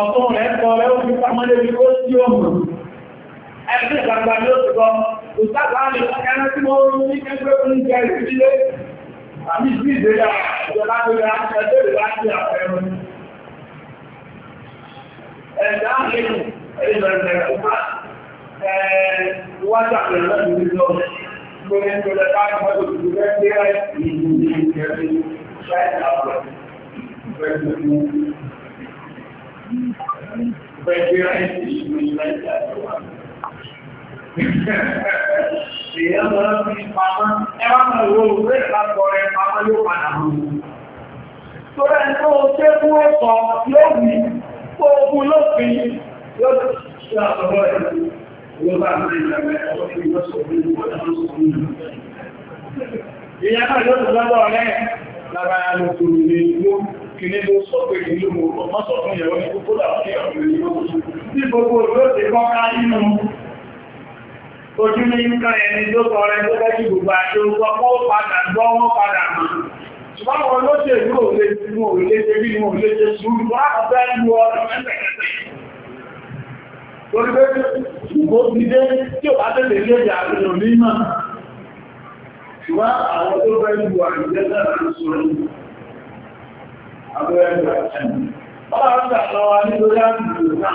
ọ̀tọ́ rẹ̀ kọ́ rẹ̀ ẹ̀rí ìgbàgbà ní oṣù kan òṣàgbà ní ẹran tí mo rú ní kẹ́kẹ́ fún ìjẹ ìdílé àmì sí ìdílé ìjọba tó yẹ ẹgbẹ́ ìlú láti àpẹẹrẹ ẹ̀dá nínú ìbẹ̀rẹ̀ ọ̀pá ìwájú àpẹẹrẹ lọ́dún ní lọ lórí ìjọba bá ń bọ́ òṣù fẹ́ gbé ìlú ní ìjẹ́rí ṣáìdá ọ̀pọ̀ Thank you èèyàn lọ sí pamọ́ ẹwà máa wo òwe ìpapọ̀ rẹ pamọ́ yóò padà mú tó rẹ̀ tó o ṣe fún ọ̀sọ̀ yóò wí kó o fún lófin yóò ṣe àtọwọ́ ẹ̀ ló bá ń rìn lẹ́mẹ́ ọ̀pọ̀ tí wọ́n sọ fún ìwọ̀n tó sọ fún ìyá náà yóò tún lọ́dọ̀ rẹ̀ lábára ló kúrò ní ìlú kìíní ló sọ pé ìlú mo mọ́sọ̀ fún ìyàwó ní kókó làwọn ìyàwó ní gbogbo ìlú ti kọ́ká nínú ojú ní nǹkan ẹni tó tọrẹ tó lẹ́jì gbogbo àti ogun ọkọ̀ padà gbọ́ wọn padà mọ̀. ṣùgbọ́n wọn ló ṣe ìlú òlé tí wọn ò lè ṣe bí wọn ò lè ṣe sùúrù wọn á fẹ́ lu ọdún mẹ́tẹ̀ẹ̀tẹ̀. torí pé kò ti dé tí ò bá tẹ̀lé ilé ìjà àbẹ̀lò ní mọ̀. ṣùgbọ́n àwọn tó fẹ́ lu àìjẹ́ náà ń sọ abẹ́rẹ́ lu àìjẹ́ náà. wọ́n á ń gbà lọ́wọ́ nítorí àbùkù náà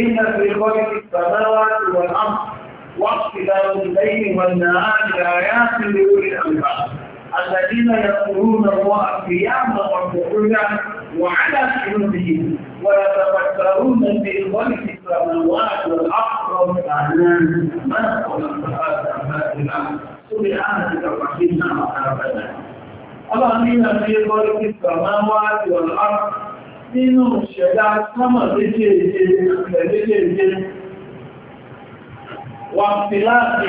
إن في خلق السماوات والأرض واختلاف الليل والنهار لآيات لأولي الألباب الذين يذكرون الله قياما وقعودا وعلى جنوبهم ويتفكرون في خلق السماوات والأرض والأعلام ما خلق هذا باطلا سبحانك وقنا عذاب النار الله في خلق السماوات والأرض nínú ṣẹ̀dá sámà léjèèjì rẹ̀ léjèèjì wà fi láti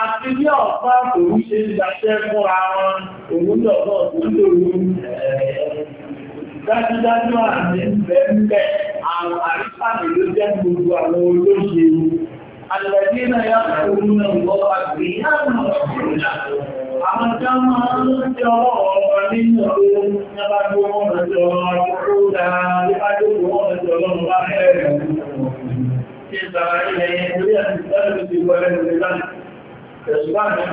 àti bí ọ̀pá òun ṣe ń daṣẹ́ fúnra wọn òun lọ́pọ̀ òjòrò dájúdájú àmì ìbẹ̀ẹ̀bẹ̀ àwọn àríkàmì ló jẹ́ gbogbo àwọn olóṣèlú alẹ́gbẹ́ náà yá Àwọn tó máa ń jọ ọ̀rọ̀ nínú ọdún nípa tó wọ́n jọ ọ̀rọ̀ nípa tó wọ́n jọ ọlọ́run bá ẹ̀rẹ̀ ṣe sàrà ilẹ̀ yẹn torí àti ìsẹ́lẹ̀ ti wọ ẹ̀rẹ̀ lórí láti ẹ̀ṣùgbà àti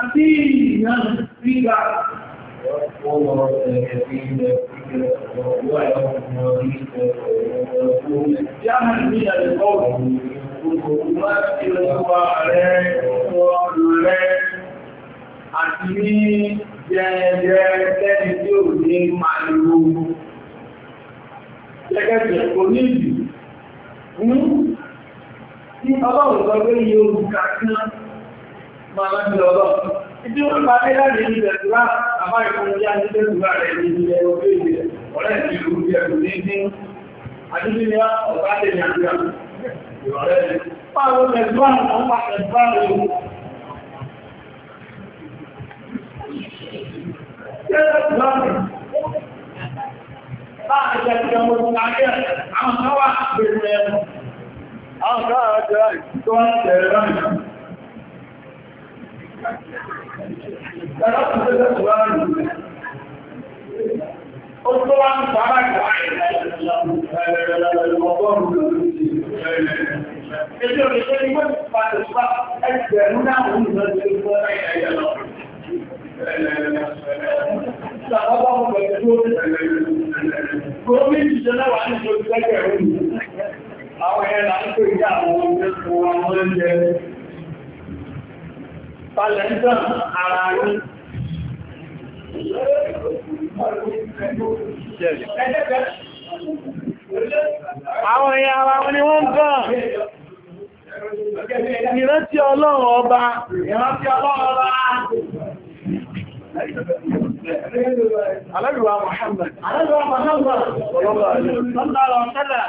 mú sí ìyàn síra Àti ní jẹ́ẹ̀jẹ́ tẹ́ni tí ò ní máa lò gẹ́gẹ́gẹ́ onílù ní tí ọlọ́run lọ gbé yóò kàkán máa lábí ọlọ́run. Ibi ó ń bá ní láti ní ìdẹ̀tùrá, àmá ìfún ya ní ìdẹ̀tùrá rẹ̀ ní ilẹ̀ ọdún ìdẹ̀, ọ̀rẹ́ ìlú ìlú ìdẹ̀tù ní ní àdúgbìnrin ọ̀bá lè ní àdúrà. Ìrọ̀lẹ́ ni. Pàwọn ẹ̀dùrá àwọn pàtẹ̀ bá rẹ̀ ohun. Ṣé ẹ̀dùrá rẹ̀? Láàrín ìjẹ́ ọmọ ìgbàgbé àwọn kan wà pẹ̀lú ẹ̀mù. Àwọn kan wà jẹ́ ìtọ́ Ẹ̀rọ tó fẹ́ fẹ́ wá rí balẹ̀ ń dán ara rí. Àwọn ẹ̀yà ara wọn ni wọ́n ń dán. Ìrántí ọlọ́run ọba. Ìrántí ọlọ́run ọba. Alẹ́bíwá Muhammad. Alẹ́bíwá Muhammad. Ọlọ́run ọ̀tẹ́lẹ̀.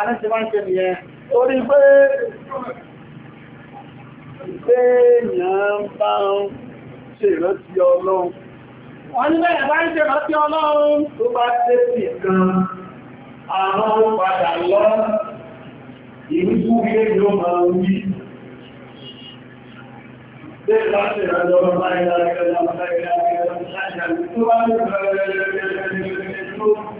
Àníṣe máa ń ṣe nìyẹn. Orí pé èèyàn bá ń ṣe ìrántí ọlọ́run. Wọ́n ní bẹ́ẹ̀ bá ń ṣe ìrántí ọlọ́run tó bá tẹ́ sí kan, àwọn padà lọ, ìrúkú ilé yóò máa wí. Bẹ́ẹ̀ bá ṣe ìrántí ọlọ́run bá ń ṣe ìrántí ọlọ́run bá ń ṣe ìrántí ọlọ́run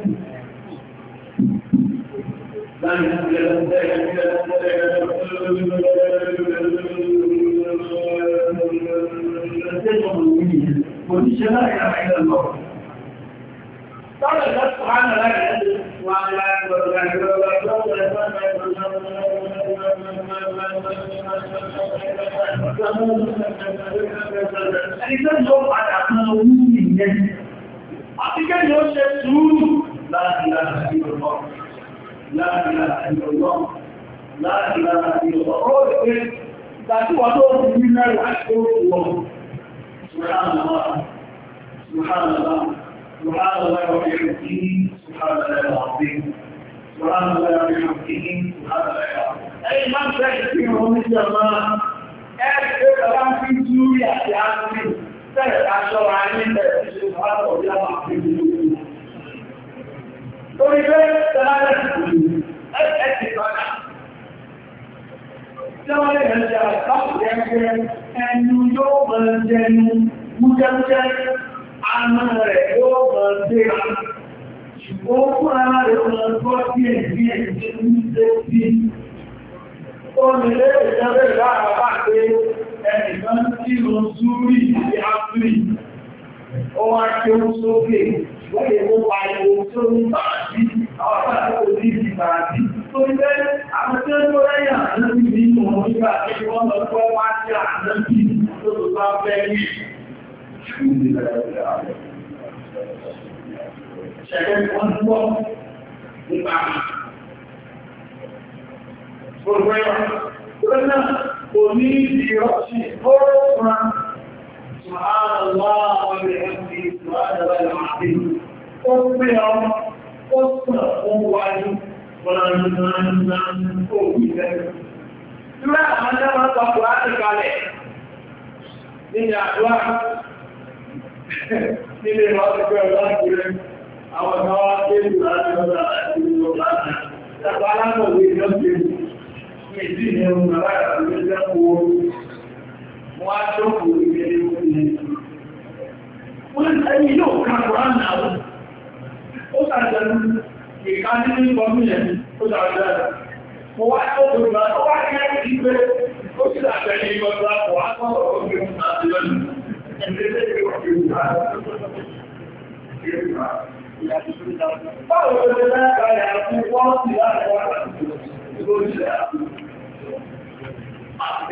Oníṣẹ́ láàrin àìyàn lọ. ìyẹn. Àti kẹ́ ni ṣe sùúrù láàrin láàrin ọ̀rọ̀. لا إله إلا الله لا إله إلا الله أوه تاتي وضوء من الأشهر الله سبحان الله سبحان الله سبحان الله وبحمده سبحان الله العظيم سبحان الله وبحمده سبحان الله العظيم أي من تكفيه من الله أكثر كلام الله torí pé tẹ́lá lẹ́sìn kò lè ẹ̀ẹ́dì sọ́dá. Tí wọ́n lè rẹ̀ jẹ́ àtàkùnrin ẹgbẹ́ ẹnu yóò mọ̀ jẹnu mújẹ́mújẹ́ àmà rẹ̀ yóò mọ̀ déra. Ṣùgbọ́n fún ara rẹ̀ mọ̀ gbọ́ sí èdè èdè ní ṣe sí. Ó lè lé ìjọba ìlànà ẹnìkan tí ó súrí ìdí Áfíríkì. Ó kí ó sókè ó mú pariwo tí ó ní báàbí ní ìdí báàbí tó ń bẹ́ àwọn tí ó ń lọ́rẹ́ nígbà tí wọ́n lọ pẹ́ wá sí àná tó tó bá fẹ́ ní ìdí ọ̀sìn ó rán سبحان الله وبحمده سبحان الله العظيم اصبر اصبر قوة ولا ننسى قوتك لا أنا ما تقرأك عليه من أخلاق من الواقع الواقع أو الواقع الواقع تقرأنا ويجب أن يجب أن يجب أن يجب wọ́n á tó kò Wọ́n ẹni yóò ká Kùrán náà Ó sàjẹ́nu ìka nínú ìgbọ́mí yẹn ó Mo wá tó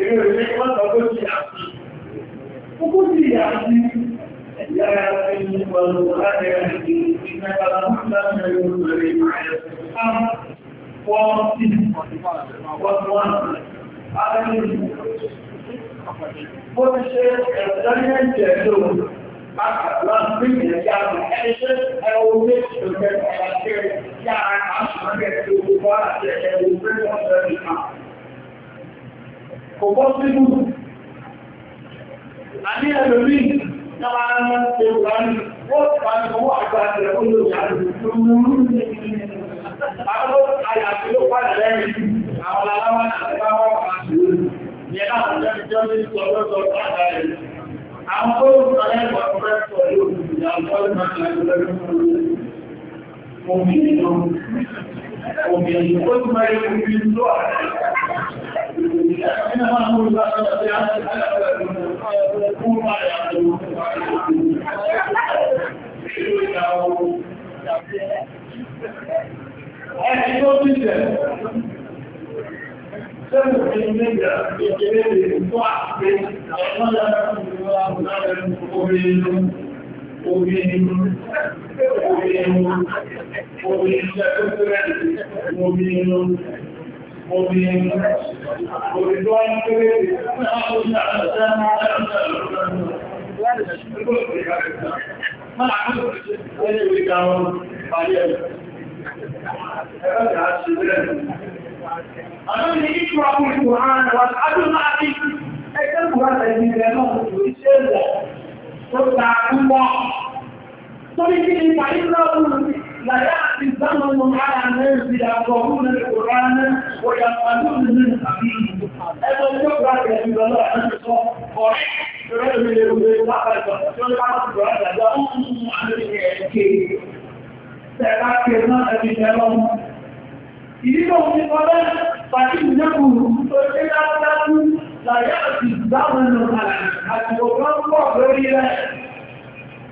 Èmi ò lè wọ́n sọ kókì àti. Kókì àti ìyá ẹni pẹ̀lú láti ẹni ìgbẹ́ta láti ẹni olùrẹ̀ ìrìnàjò. Wọ́n ti wọ́n ti kò bọ́ sínú àní àti àwọn àyàfi ló padà lẹ́yìn àwọn aláwọ̀ àti báwọ̀ àti ìyẹn náà ń jẹ́ ìjọ́ ní ìsọ̀rọ̀sọ̀ àgbàrẹ̀ àwọn tó ń sọ lẹ́gbọ̀ ọ̀pẹ́sọ̀ yóò fi àwọn Ẹni tó ti jẹ̀ sẹ́nu fi ní ìgbà kékeré lè tó àpé ẹ̀mọ́ lára ìlú àwọn ará orí inú, orí inú, orí inú, orí inú, orí inú, orí inú, obìnrin òdìdó ń kéré Àwọn ìdíkù ọkùnrin Kùhánà wà ádùn máa bí ẹgbẹ́ Kùhánà ìdíkù ẹ̀nà òṣèlú tó ta ń mọ́ torí kí ni fàyí lọ́rùn láyá àti ìzámọ̀ mọ̀ ara náà sí àgbọ̀rún ní ìkòrá náà òyà pàdé òmìnir tàbí ẹgbẹ́ tí ó gbá rẹ̀ ìrọ̀lọ́ àti sọ ọ̀rẹ́ ìrọ̀lẹ́ mi lè rúgbé lápàá ìjọ tí ó lápàá ìjọ àjàjá ó ń mú àlórí ẹ̀ẹ́kẹ́ tẹ̀lá kẹ́ náà ẹbí tẹ́lọ́ ìdíkọ̀ òun ti kọ́ bẹ́ẹ̀ pàdé ìjẹ́kùrù tó ṣe lápá láyá àti ìzámọ̀ mọ̀ ara àti òkú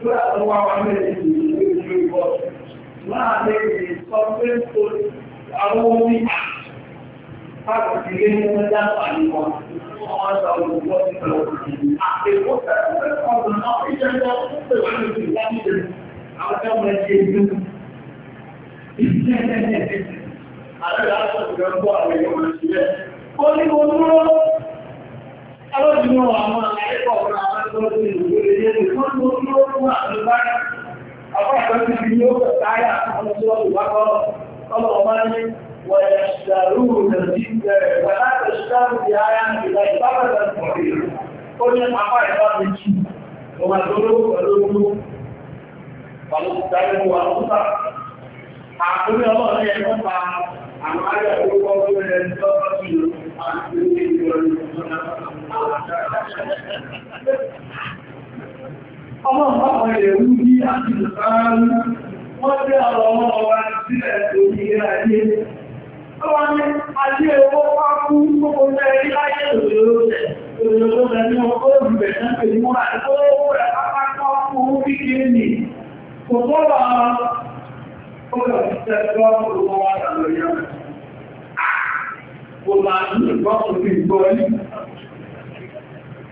Ìgbà tó wá wá mẹ́rin ìlú ìlú ìbọ̀ láàrin ìsọ̀fẹ́ tó àwọn omi káàkiri ní wọ́n dá pàdé wọn. Wọ́n sọ olùkọ́ sí ọ̀rọ̀ àpèkọ́ tẹ̀lé ọ̀gbọ̀n náà ìjẹ́jọ́ tó pè wá ní ìdájọ́ àwọn ọmọ ẹgbẹ́ ìlú. Àlọ́ ìlànà ìjọba àwọn èèyàn òṣìṣẹ́. Ó ní mo dúró Ọlọ́dúnmọ́ àwọn àìkọ̀ ọ̀rọ̀ àwọn tó ti ìwé ilé tó ń mú lóòrùn àtìbára. Àwọn àkọ́sí bí yóò kọ̀táyà àwọn tó wọ́n wá kọ́ ọlọ́ọ̀má ní wọ̀n ẹ̀ṣàrú nàbí bẹ̀rẹ̀ wọ́n láti ṣàrú di ara ìlà ìbábàdà pọ̀lú. Ó ní apá ìbá méjì, ọmọ àdóró pẹ̀lú ọdún. Pàlú ìdájọ́ wa ń bá. Àkúrí ọlọ́ọ̀rẹ́ ẹ̀ ń pa àwọn ayọ̀ orúkọ Ọmọ ọmọ ẹ̀rú ní àti ìsáàrù, wọ́n jẹ́ ọ̀rọ̀ ọmọ ọwà sílẹ̀ lórí ayé. Ọwọ́ ni ayé owó pápú gbogbo ẹ̀rí láyé òṣèrè òṣèrè ní ọkọ̀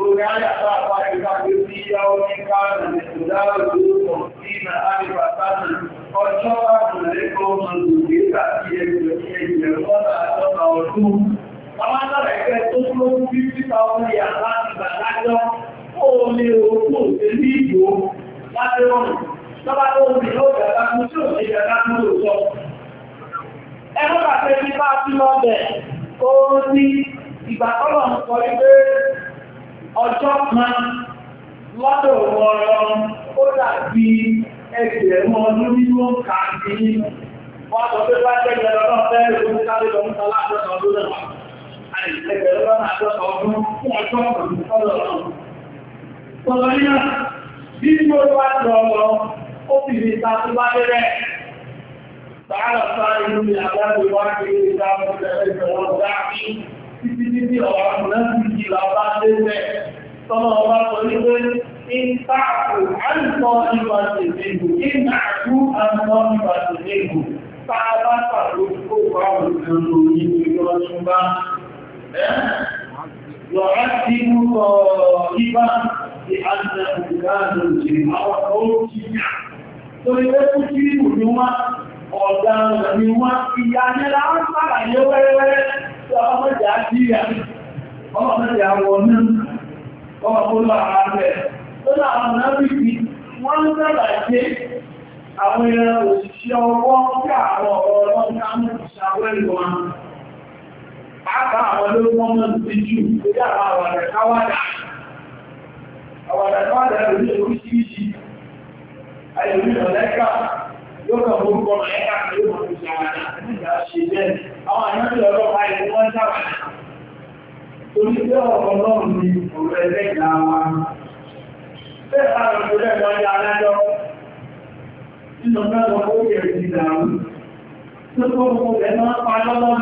Kurunaya hapa ikakisia onekana mtudao huko sina alipatana ochoa mleko mazungika kiyekeyeona atona otu Àwọn àrẹ̀kẹ́ tó tó ń bí títà orí àlá ìgbàlájọ́ ó lè òkú òṣèlú ìgbò láti ọ̀nà. Lọ́bá tó ń bí ó gbàgbà mú tí ò ṣe gbàgbà mú lòótọ́. Ẹgbẹ́ bàtẹ́ bí bá sí lọ́bẹ̀, ó ní ìgbàkọ́lọ̀ ń sọ ilé ọjọ́ kan lọ́dọ̀ ọ̀rọ̀ ó dàbí ẹgbẹ̀rún ọdún nínú ọ̀kà sí wọ́n sọ pé bá jẹ́ ẹgbẹ̀rún ọdún fẹ́ẹ̀rẹ̀ ló ń sáré lọ mọ́ta láàrín ọdún náà àti ẹgbẹ̀rún ọdún àjọ́ta ọdún fún ọjọ́ ọdún sọ́dọ̀ ọdún. Sọ̀rọ̀ níyà, bí mo bá lọ lọ, ó fi lè ta tó bá dẹ́rẹ́. Sàárà sáré lórí àgbáyé wá kiri ìdáhùn ẹgbẹ̀rún ọdún títí títí ọ̀rọ̀ mùnáfíkì kí làbá dé bẹ̀ tọ́lọ́ ọba sọ wípé ìtàkù àìsàn ìwà tèmígù ìnàkú àìsàn ìwà tèmígù tá a bá pàdé kó bá òkè lórí ìjọ ṣùgbá lọ́rẹ́ tí mú kọ ibá ti àjẹ́ òkúrádò jẹ àwọn ọ̀rọ̀ kíyà tó ilé fún kí ni wọ́n ọ̀dá ọ̀dá ni wọ́n ìyá nílá ń sára yẹ wẹ́rẹ́wẹ́rẹ́ ọmọdé àjíyà ọmọdé àwọn náà ọmọdé àwọn rẹ̀ tó láwọn náàbìkì wọ́n ń sábà jẹ́ àwọn ẹran òṣìṣẹ́ ọwọ́ tí àwọn ọ̀rọ̀ ọlọ́pàá mú ìṣàwẹ́ yóò orúkọ màáyíká kan yóò mọ̀ sí àwàdà nígbà ó mú ẹ̀ máa pa lọ́wọ́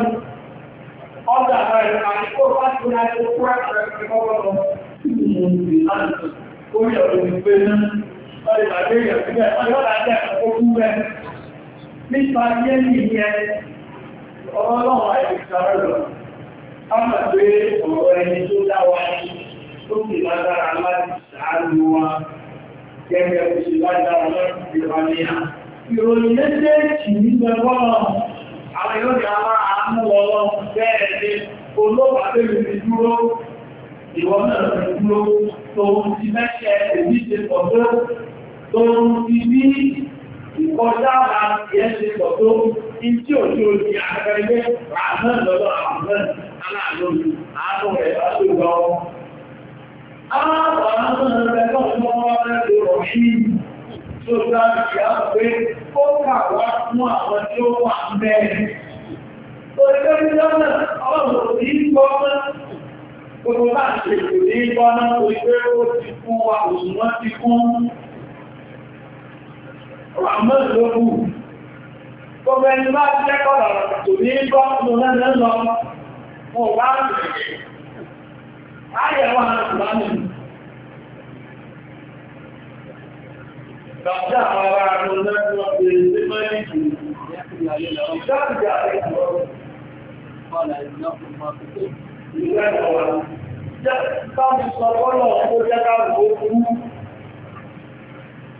Ọjà rẹ̀ àdíkò bá kó àpẹẹrẹ kọ́kọ́ lọ. Kí ni mo ń gbé nípa ayé nìyẹn ọlọ́run àìsàrẹ́ lọ a máa pé ọ̀rọ̀ ẹni tó dáwà ní tó kì lágbára láti ṣàánú wa gẹ́gẹ́ bó ṣe lágbára láti fi wa ní à. ìròyìn méjèèjì nígbà gbọ́nà àwọn yóò ní a máa mú náà fi dúró tó ti mẹ́ṣẹ́ èyí pọ̀ tó tó ti ní Ìkọjá ara ti ẹ́ ṣe sọ tó in tí ò ní ojú àgbà ilé ràmán lọ́dọ̀ àwọn aláàánú àánú rẹ̀ bá tó gbọ́. Àwọn àwọn ọ̀rẹ́ náà tí wọ́n wá rẹ̀ lè rọ̀ sí tó dá ìyá pé ó kà wá fún àwọn àmọ́ ìlọ́kù gbogbo ẹni bá jẹ́ kọ́lọ̀ tò ní gbọ́ mọ́ lẹ́nà lọ mọ́ bá ayẹ̀wà àtìlámì Gbàjá àwọn ará àwọn ọlọ́pàá ti ṣe mẹ́rin jù ní àkíyàlẹ́ lọ. Ìjáàjì àti ìwọ̀n ọ̀nà ìlọ́pàá máa fi tó. Ìgbẹ́ ìwọ̀n. Jẹ́ bá mi sọ fọ́lọ̀ ó jẹ́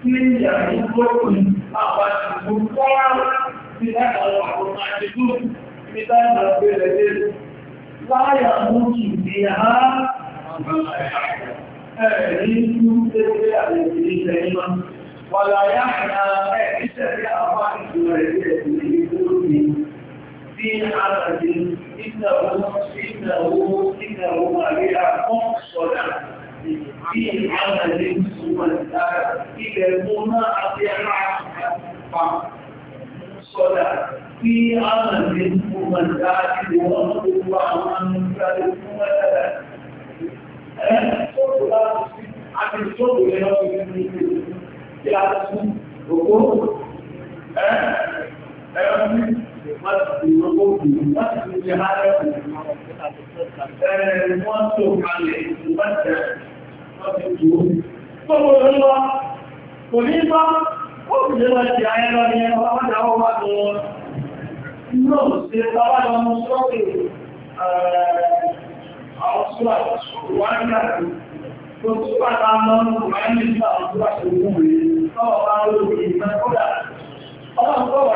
níbi àwọn olóògùn àpàtàkù fọ́ọ̀rọ̀ sí láàrín àwọn àṣẹ́kù ní táìmà bẹ̀rẹ̀ lẹ́rẹ̀ láyà mú kì ní àá ẹ̀rí fún tẹ́lẹ̀ àrẹ̀sì ìṣẹ̀yìnmá wà láyà ẹ̀rí tẹ́lẹ̀ àwọn ìṣẹ̀lẹ̀ ìṣẹ̀lẹ̀ ìṣẹ̀lẹ̀ في عمل والآخر إلى أطيعنا صلاة في عمل ومزاج وأمر الله عن ذلك ومثلا عن الصوت اللي هو في العالم ركوع مسجد هذا المنصب عليه المسجد Gbogbo kò ní bá, ó fi lè wọ́n ti ayẹ́ lọ ní ẹwà wá ní wọn. Náà sí bàbá mú sọ́pẹ̀ àwọn ṣúwà wọ́n ní tó túbà ta mọ́ wọ́n ní ìgbà ọ̀túbà tó gún rẹ̀ bá lórí ìgbàkọ́dà. Ọlọ́pọ̀ wà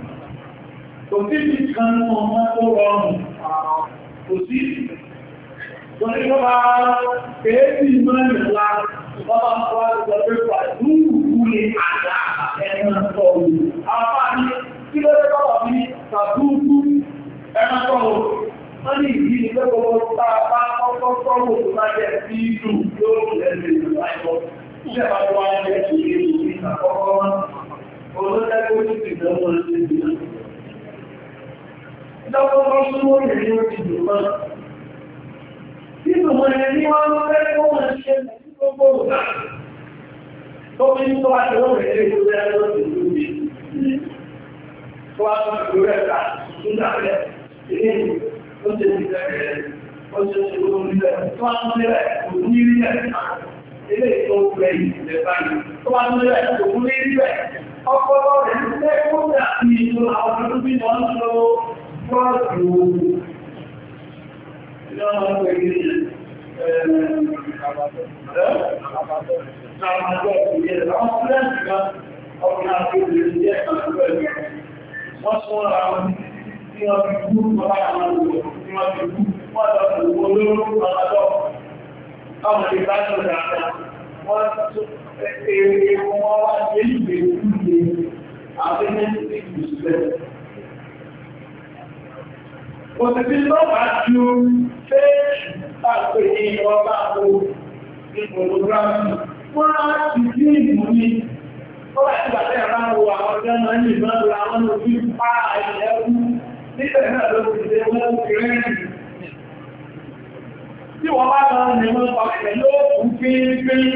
kò sí ti kan ọmọ tó rọrùn kò sí torí tó bá kéèkì mẹ́rin lá bọ́bá wá lọ pé pàdú ní àdá ẹran tọ̀wù apá ní kí ló lé bọ́bá ní tàbúkú ẹran tọ̀wù wọ́n ní ìdí ní pé gbogbo tá a bá kọ́kọ́ tọ́wù tó bá jẹ́ sí ìlú yóò lẹ́sẹ̀ ìlú láìpọ̀ iṣẹ́ bá wá jẹ́ sí ìlú ìlú ìtàkọ́kọ́ wọn olóṣẹ́gbẹ́ tó ti dánwó ṣe ìlú lọ́wọ́ wọ́n súnmọ́ ìrìn ó ti dùn mọ́. Nínú wọn ni wọ́n ń fẹ́ kó wọn ṣe gbogbo ọ̀gá. Tó fi ń tọ́ àti wọ́n rẹ̀ lè tó lẹ́yìn lọ́wọ́ ti dùn mí. Tó wá tó fi rẹ̀ ká tún dàbẹ̀. Èyí ó ṣe ti bẹ̀rẹ̀ ó ṣe ti kó ń bẹ̀. Tó wá tún lẹ̀ kò ní rí ẹ̀ ilé ìtọ́ rẹ̀ ìṣẹ̀lẹ̀ báyìí. Tó wá tún lẹ̀ kò ní rí ẹ̀ ọpọlọ rẹ̀ ń pọ́ọ̀tù Wọ́n sún ara wọn tí wọ́n fi kú bọ́lá àwọn olùgbò tí wọ́n fi kú wọ́n lọ sí olóró pàtàkọ́. Àwọn ìbáṣọ́ dáadáa, wọ́n tún ẹ̀ẹ́ wọ́n wá sí ìgbè ìgbè àti ní ìgbè ìgbè. Òtìtì lọ́pàá ju fẹ́ẹ̀kì pàpẹ ní ọba o ní fòlógráfì. Wọ́n á ti sí ìmú ni. Ó bá ti bàtẹ́ ẹ̀rọ àwọn àwọn ọjọ́ náà ní ìmọ̀ lọ àwọn òbí pa ẹ̀yẹ kú. Níbẹ̀ náà ló ti ṣe wọ́n ti rẹ́ẹ̀kì. Tí wọ́n bá lọ ní wọ́n pa ẹ̀yẹ ló kú pínpín.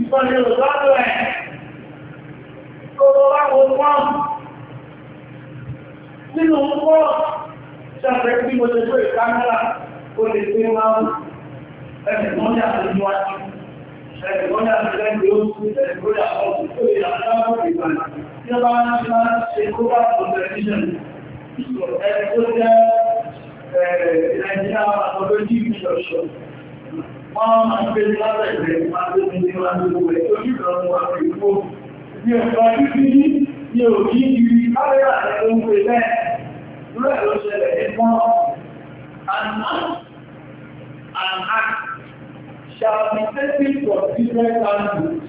Ìfọ̀nì òṣèlú ẹ̀. Tó lọ́wọ́ wọn nínú wọn. Ṣáàpẹ́ bí mo ṣe tó ìkámẹ́rà ó lè pé máa ń ẹ̀sìn tó ń yà sí ní wájú. Ẹ̀sìn tó ń yà sí lẹ́nu ló kú ẹ̀sìn tó yà ọ̀ tó lè yà sáwọn ìgbàlá. Tí wọ́n bá ń ṣe kó bá ọ̀tẹ̀lẹ́sìn ẹni tó jẹ́ Nàìjíríà ọlọ́jí ìṣọ̀ṣọ̀. Wọ́n máa ń gbé lábẹ́ ìrẹ̀ máa tó ní níwájú rẹ̀ tó ní ìrọ̀rùn wà pẹ̀lú. Ní ọ̀pọ̀ ìdí ní òkú ìrìn káwẹ́rà ẹ̀lọ́gbẹ̀ bẹ́ẹ̀. Ìdúró ẹ̀ ló ṣẹlẹ̀ ní mọ́ an act shall be taken for different angles.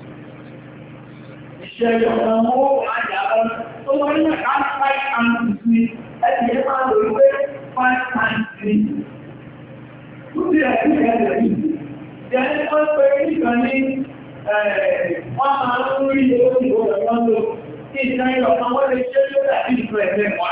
Ìṣẹ̀lẹ̀ ọ̀nà owó àjà ọ̀nà tó wọ́n ní àkáńtì five angles ní ẹ̀sìn yẹn máa lò wípé five angles. Kúndì ẹ̀ sí ẹ̀rẹ̀ yìí. Ìyẹn ní wọ́n pe nìkan ní wọ́n máa ń rí owó ìwọ̀n lọ́dọ̀. Ìṣẹ̀lẹ̀ ọ̀nà wọ́n lè ṣe lórí àti ìfẹ́ ẹ̀fẹ́ wà.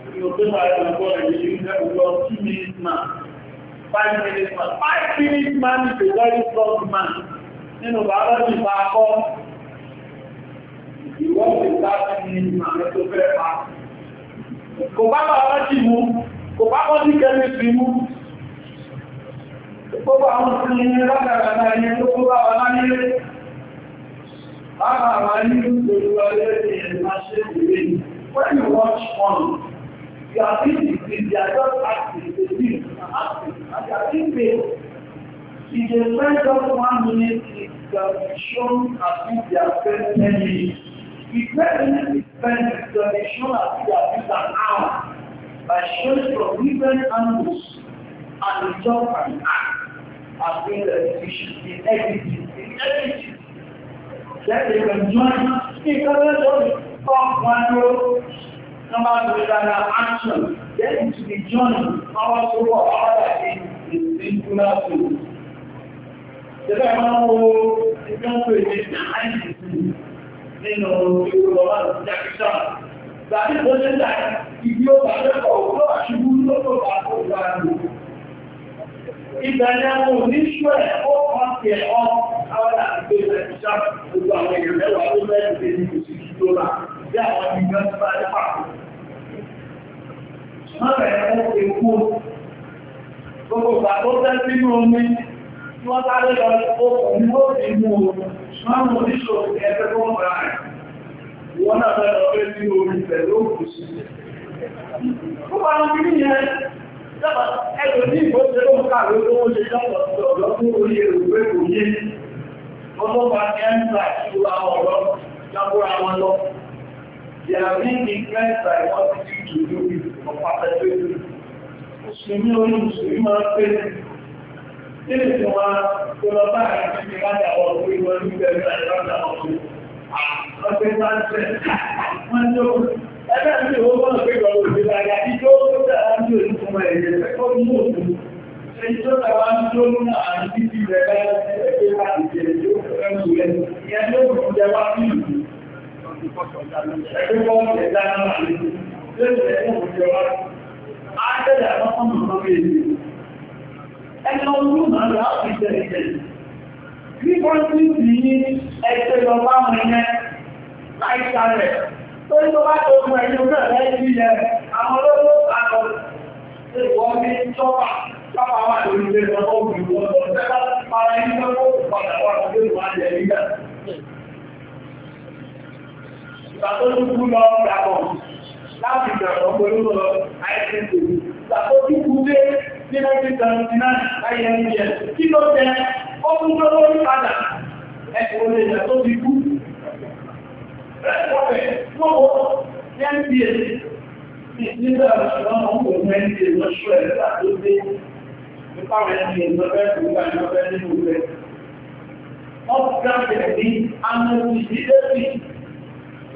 your paper and go and you have your two minutes man, five minutes man. Five minutes man is a very strong man. Nínú bàbá mi bá kọ́, ìwọ́n ti láti ní ìmọ̀ to fẹ́ pa. Kò bá bàbá jì mú, kò bá bọ́ ní kẹ́lẹ́ sí mú. Gbogbo àwọn ìsinmi ní lágbàgbà yẹn tó kó bàbá láyé. Bàbá àwọn ayé ń pẹ̀lú ayé ìrìn àṣẹ́ ìrìn. When you watch one, You are being deceived. They are just acting. They think and acting. And they are being If they spend just one minute, it can be shown as if they are spending 10 minutes. If 10 minutes is spent, it can be shown as if they are spending an hour by showing from different angles and the job and act as being the decision, the editing, the editing. Then they can join. If they can join, talk one road. Number three, that are action. Then it should be journey. Our soul, our life is The singular soul. Ṣẹ̀fẹ́ máa ń wo ẹgbẹ́ You pè ní àìsìsì nínú ìwòrán láti jákèjá. Gbàdé it ṣe ń dà ìdí ó bá lẹ́kọ̀ọ́ òwúrọ̀ àṣìwú ló tó bá tó bá lò. Ìbẹ̀rẹ̀ mo ní ṣúẹ̀ ó kàn all ọ́ àwọn àti gbé ìrẹsì sáà gbogbo àwọn èèyàn mẹ́wàá ló mẹ́rin lé ní oṣù tó rà bí àwọn ènìyàn ti bá dé pàtó. Mọ́tò ẹ̀rọ ti kú. Gbogbo ìgbà tó tẹ́ sínú omi tí wọ́n sáré lọ okùn ní ó o. Máa mú oníṣòwò ní ẹgbẹ́ tó ń ra rẹ̀. Ìwọ́n náà fẹ́ lọ fẹ́ sínú omi pẹ̀lú òkú sí. Ó bá ń bí yẹn. Ẹgbẹ̀rún ní ìgbésẹ̀ ló ń kàwé tó ń ṣe lọ́pọ̀ lọ́pọ̀ They are being influenced by what they to do for perpetuity. Mùsùlùmí orí Mùsùlùmí máa ń pè ní. Ilé tí wọ́n tó lọ bá àìsí ní láti àwọn orí wọn ní bẹ̀rẹ̀ láti láti àwọn orí. Wọ́n pé máa ń tẹ̀. Wọ́n tó ẹgbẹ́ mi ò wọ́n pé lọ òde ó dára ní ẹ̀yẹ ẹ̀kọ́ ní òkú. Ṣé wa ń ní rẹ̀ bá ẹgbẹ́ láti Ẹgbẹ́ ọdún náà láti jẹ́ ìjẹ́. Nígbọ́n tí ìdí ní ẹgbẹ́ ìjọba mọ̀ ẹ̀yẹn láìka rẹ̀. Tó ń tó bá tó fún ẹ̀yọ́ náà lẹ́yìn ilẹ̀ àwọn olóòrùn àtọ̀ ìwọ́n ní tọ́pàá Bápa wà lórí ilé ọmọ òbí wọn, ọ̀sẹ̀ láti para ẹni tó kó padà wà lórí ìwádìí ẹ̀yìn náà ìgbàtọ́lùkú lọ dàbọ̀ láti ìgbàtọ̀ pẹ̀lú lọ àìsíkò ìgbàtọ́lùkú dé ní 1979 láyé ẹgbẹ̀ẹ́ kí ló jẹ ọdún tó lórí padà ẹ̀kọ́ lè jẹ tó ti kú rẹ̀kọ́fẹ̀ lọ́wọ́ nba nígbà ìṣúná ọmọ òun ẹni lọ́ṣọ́ ẹ̀ láti dé nípa rẹ̀ ní ìlọ́fẹ́ tó gbà ìlọ́fẹ́ nínú rẹ̀ wọ́n ti dábẹ̀ẹ́ ní amọ̀ ìdílé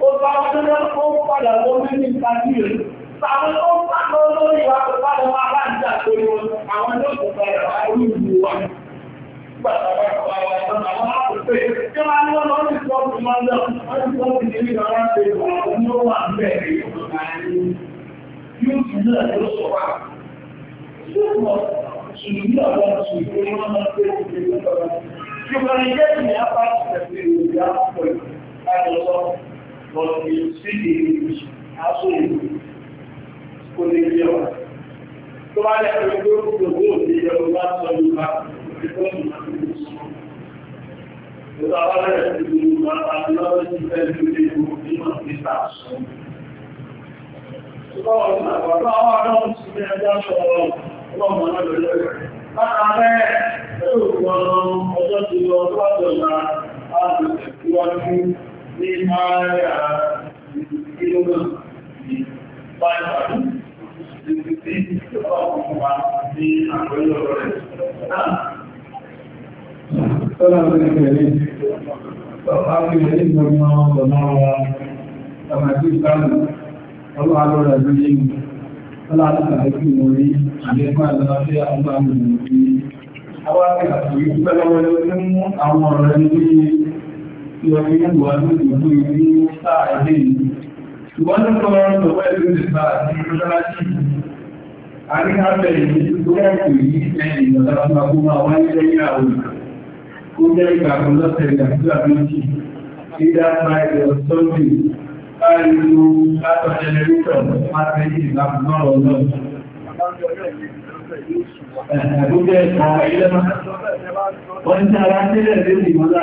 ó ọdún ó padà lórí ní ìpàdé Àwọn tó ń pàtó lórí wa kò padà wá bá ń jà torí wọn, àwọn yóò kò padà wà ní ó wà ní yóò fi náà ló sọ wá. Ṣùgbọ́n ṣùgbọ́n ní ọ̀gá ṣùgbọ́n a bá ṣẹ̀ṣẹ̀ but you speak in English also in kò lè jẹ ọ tó bá yẹ kó tó kó tó kó lè jẹ ọ bá sọ Yorùbá kó tó ní ma tó lè sọ ìgbà wà lẹ́yìn tó lè wà láti lọ́wọ́ sí fẹ́ tó lè kó ní ma tó lè sọ. Ṣùgbọ́n ọ̀nà ní ààrẹ ìlúgbà ní báyìí títí tí ìjọba ọkùnrin wa ní àgbẹ̀lẹ̀ rẹ̀. Tọ́lá ń bẹ̀rẹ̀ pẹ̀lú ọ̀pá pẹ̀lú ìgbọ̀nà ọ̀nà ọmọdé ìbánu ọlọ́ alọ́rẹ̀ lórí ọlọ́ alọ́rẹ̀ lórí àdékọ́ àlọ́fẹ́ àwọn àmì ìrìn àwọn akẹ́kọ̀ọ́ ìgbẹ́lọ́wọ́ ló mú àwọn ọ̀rẹ́ ní ìwọ̀nyẹ́wà ní ìlú ìlú sáà ilé ìlú. Ìwọ́n tó kọ́ ọ̀rọ̀ tó wẹ́lú ìgbà ní ìrọ́lájì. A ní àpẹ ìlú tó rẹ̀kù yìí ẹ̀yìn ìlọ́lọ́pàá kó máa wáyé lẹ́yìn àwọn ìgbà. Ó jẹ́ ìgbà kan lọ́sẹ̀ ìgbà méjì. Ìdá Friday or Sunday, báyìí látọ̀ jẹnẹrétọ̀ máa tẹ́yìn ìlàkùnmọ́ ọlọ́run. Ẹ̀ẹ̀kú jẹ́ ìkọ̀ ilé máa. Wọ́n ti ara sílẹ̀ lé ìmọ̀lá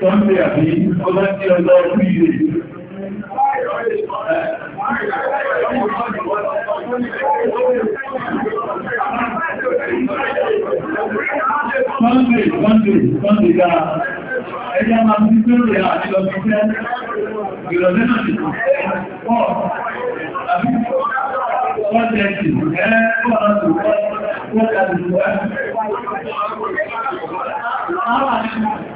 Sọ́ndé àbí ọlá tí ọlá orí rẹ̀. Sọ́ndé, sọ́ndé, sọ́ndé dáa. Ẹja máa ti tó rẹ̀ àti lọ sí fẹ́. Ìrọ̀lẹ́ ti pọ̀. Àbí Thank you.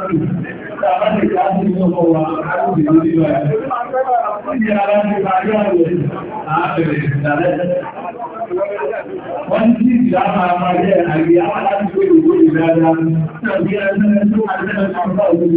Wọ́n tí ìjá máa máa yẹ àyè ìwé ìwé ìdájá, náà bí tó àjẹ́ ẹ̀sán náà ìwé